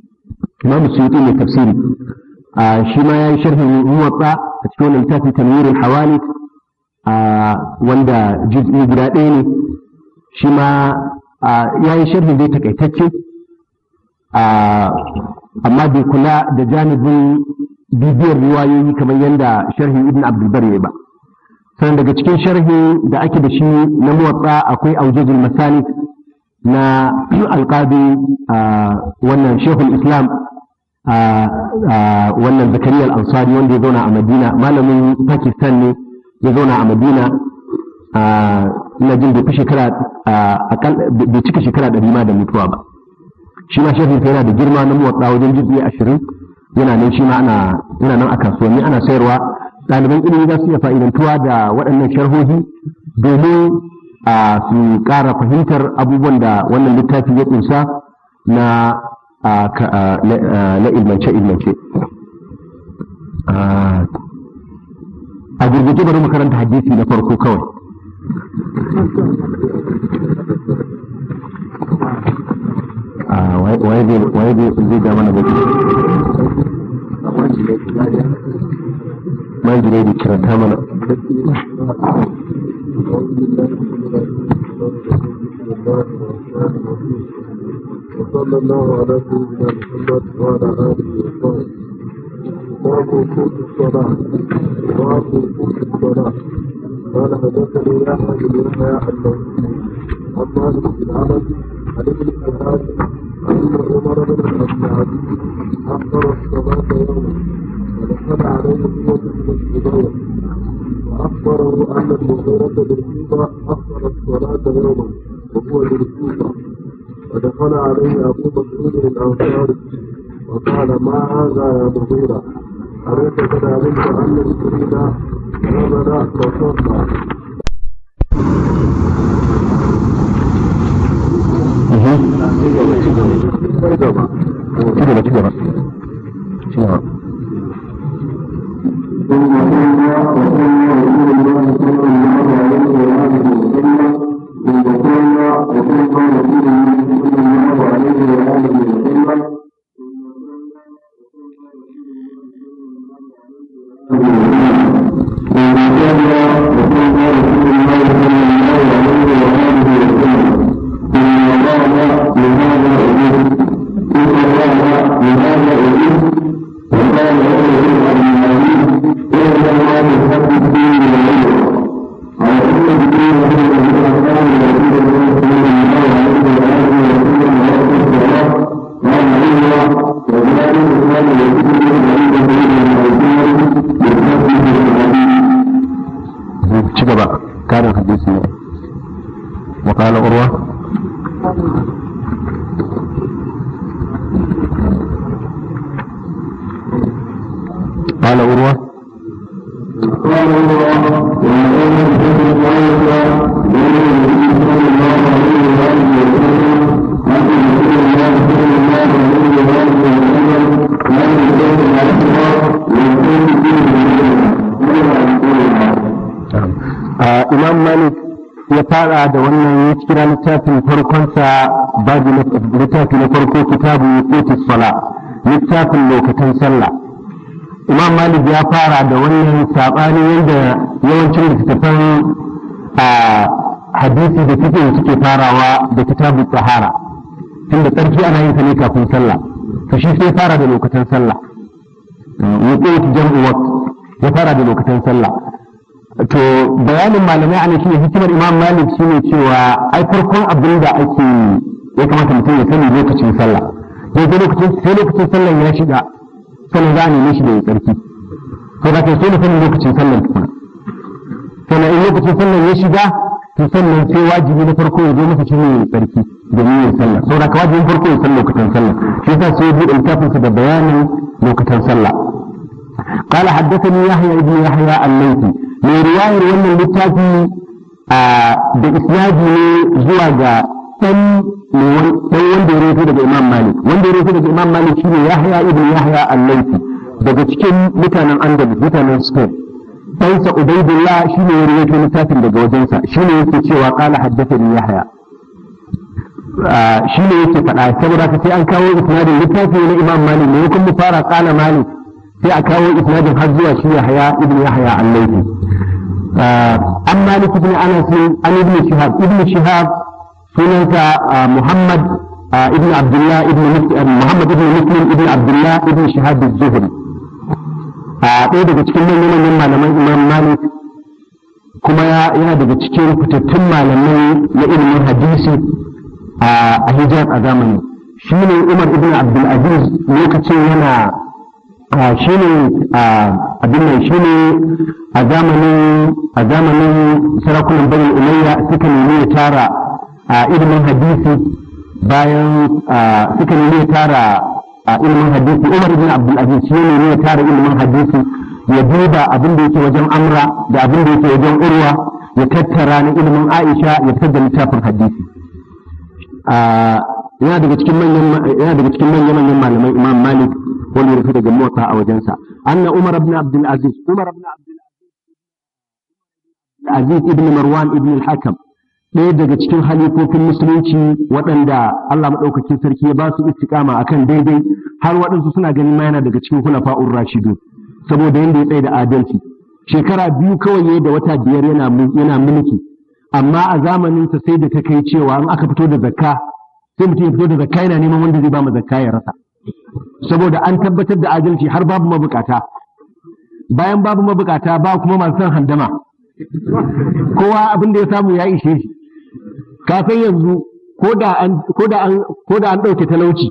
imamu suyuti mai tafsiri shi ma ya yi sharhin muwatsa a cikin wannan littafin tamirin hawalik wanda juz'i guda ɗaya ne shi ma ya yi sharhin dai takaitacce amma bai kula da janibin bibiyar riwayoyi kamar yadda sharhin ibn abdulbar ya ba sannan daga cikin sharhi da ake da shi na muwatsa akwai aujazul masanik na alƙadi wannan shehul islam wannan zakariya al'ansari wanda ya zauna a madina malamin pakistan ne ya zauna a madina ina jin bai shekara bai cika shekara ɗari ma da mutuwa ba shi ma shehul yana da girma na muwatsa wajen jirgi ashirin yana nan shi ma ana yana nan a kasuwanni ana sayarwa ɗaliban ilimi za su iya fa'idantuwa da waɗannan sharhohi domin a su ƙara fahimtar abubuwan da wannan littafi ya ƙunsa na ilmance-ilmance. A gurguje bari makaranta hadisi na farko kawai. Waye zai ga mana da mana. أعوذ بالله من الشيطان الرجيم بسم الله الرحمن الرحيم وصلى الله على سيدنا محمد وعلى آله وصحبه باب وقوت الصلاة باب وقوت الصلاة قال حدثني يحيى بن يحيى النووي عن مالك بن عمرو عن ابن عباس أن عمر بن عبد العزيز أخر الصلاة يوما ودخل عليه قوة بن الزبير أخبره أن المغيرة بالكوفة أخرت الصلاة يوما وهو بالكوفة فدخل عليه أبو مسعود الأنصاري وقال ما هذا يا مغيرة أليس قد علمت أن الكريم آمن وصلى Thank you. lissafin lokacin sallah imam malik ya fara da wannan saɓani yadda yawancin littattafan hadisi da suke suke farawa da kitabu tsahara tunda tsarki ana yin ta ne kafin sallah to shi sai fara da lokacin sallah wuqut jam'u waqt ya fara da lokacin sallah to bayanin malamai ana shine hikimar imam malik shine cewa ai farkon abin da ake ya kamata mutum ya sani lokacin sallah ko sai lokacin sai lokacin sallar ya shiga sannan za a neme shi da ya tsarki to da sai da sanin lokacin sallar tukuna sannan in lokacin sallar ya shiga to sannan sai wajibi na farko ya zo masa shi ne ya tsarki domin ya sallah saboda ka wajibin farko ya san lokacin sallah shi yasa sai ya buɗe littafinsa da bayanin lokacin sallah قال حدثني يحيى بن يحيى الليثي من رواية ولا اللتافي بإسناده زوى dan wanda ya rufe daga Imam Malik wanda ya rufe daga Imam Malik shine Yahya ibn Yahya al-Laythi daga cikin mutanen Andalus mutanen Spain dan sa shi ne ya rufe littafin daga wajensa shi shine yake cewa qala haddathani Yahya ah, shine yake faɗa saboda ka sai an kawo isnadin littafi na Imam Malik ne kuma fara qala Malik sai a kawo isnadin har zuwa shi Yahya ibn Yahya al-Laythi amma ah, Malik ibn Anas an ibn Shihab ibn Shihab sunansa ah, Muhammad ah, ibn Abdullah ibn ah, Muhammad ibn Muslim ibn Abdullah ibn Shahab az-Zuhri a ɗaya daga cikin manyan malaman Imam Malik kuma yana daga cikin fitattun malamai na ilimin hadisi a hijab a zamani shi ne Umar ibn Abdul Aziz lokacin yana shi ne abin nan shi ne a zamanin sarakunan bani umayya suka nemi ya tara a ilimin hadisi bayan suka ne ne tara a ilimin hadisi Umar ibn Abdul Aziz shi ne tara ilimin hadisi ya duba abin da yake wajen Amra da abin da yake wajen Urwa ya tattara na ilimin Aisha ya fitar da littafin hadisi yana daga cikin manyan manyan manyan malaman Imam Malik wani ya daga mota a wajensa anna Umar ibn Abdul Aziz Umar ibn Abdul Aziz ibn Marwan ibn al-Hakam ɗaya daga cikin halifofin musulunci waɗanda Allah maɗaukakin sarki ya ba su istiƙama akan daidai har waɗansu suna ganin ma yana daga cikin kuna fa'ur rashidu saboda yadda ya tsaye da adalci shekara biyu kawai ya da wata biyar yana mulki amma a zamaninsa sai da ta kai cewa in aka fito da zakka sai mutum ya fito da zakka yana neman wanda zai ba mu zakka ya rasa saboda an tabbatar da adalci har babu mabukata bayan babu mabukata ba kuma masu son handama kowa abin da ya samu ya ishe shi Kafin yanzu ko da an ɗauke talauci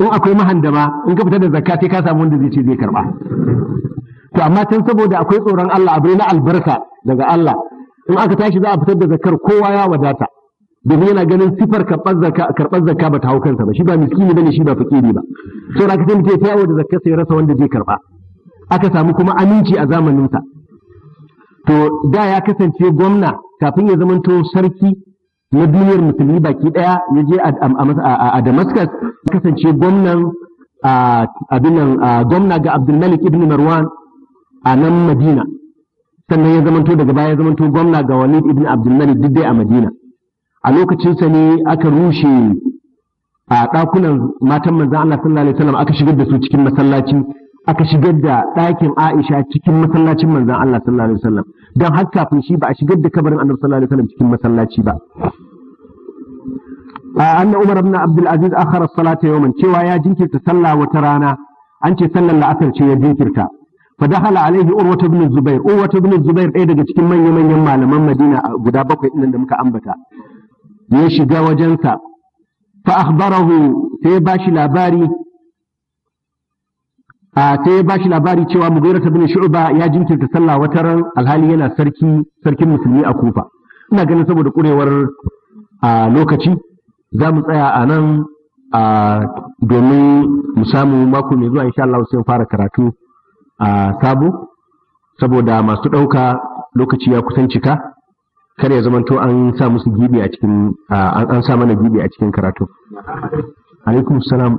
in akwai mahandama in ka fitar da zakka sai ka samu wanda zai ce zai karba to amma tun saboda akwai tsoron Allah abu na albarka daga Allah in aka tashi za a fitar da zakkar kowa ya wadata domin yana ganin siffar karɓar zakka ba ta hau kansa ba shi ba miskini bane shi ba fakiri ba saboda aka sai ta ta yawo da zakka sai rasa wanda zai karɓa. aka samu kuma aminci a zamaninsa to da ya kasance gwamna kafin ya zamanto sarki na duniyar musulmi baki daya ya je a Damascus kasance gwamnan abinan gwamna ga Abdulmalik ibn Marwan a nan Madina sannan ya zamanto daga baya ya zamanto gwamna ga Walid ibn Abdulmalik duk dai a Madina a lokacinsa ne aka rushe a ɗakunan matan manzan Allah sallallahu alaihi wasallam aka shigar da su cikin masallaci aka shigar da ɗakin Aisha cikin masallacin manzan Allah sallallahu Alaihi wasallam don haka kafin shi ba a shigar da kabarin Allah sallallahu Alaihi wasallam cikin masallaci ba. A an na Umar Abdullahi Abdul Aziz a kharar salata yau cewa ya jinkirta sallah wata rana an ce sallar la'asar ce ya jinkirta. Fadahar Alayhi Uwa ta Bilis Zubair, Uwa ta Bilis Zubair ɗaya daga cikin manyan manyan malaman Madina guda bakwai ɗin da muka ambata. Ya shiga wajenka, fa'ahbarahu sai ya ba shi labari a sai ya bashi labari cewa Mughira bin Shu'ba ya jinkirta sallah wata ran alhali yana sarki sarkin musulmi a Kufa ina ganin saboda kurewar lokaci za mu tsaya a nan domin mu samu mako mai zuwa insha Allah sai fara karatu a sabo saboda masu ɗauka lokaci ya kusan cika kar ya zamanto an sa musu gibi a cikin an sa mana gibi a cikin karatu alaikum salam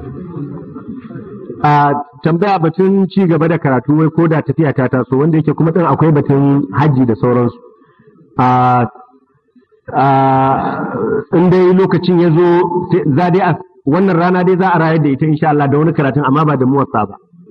a tambaya batun ci gaba da karatu wai ko da tafiya ta taso wanda yake kuma din akwai batun hajji da sauransu a in dai lokacin ya zo za dai wannan rana dai za a rayar da ita insha Allah da wani karatu amma ba da muwassa ba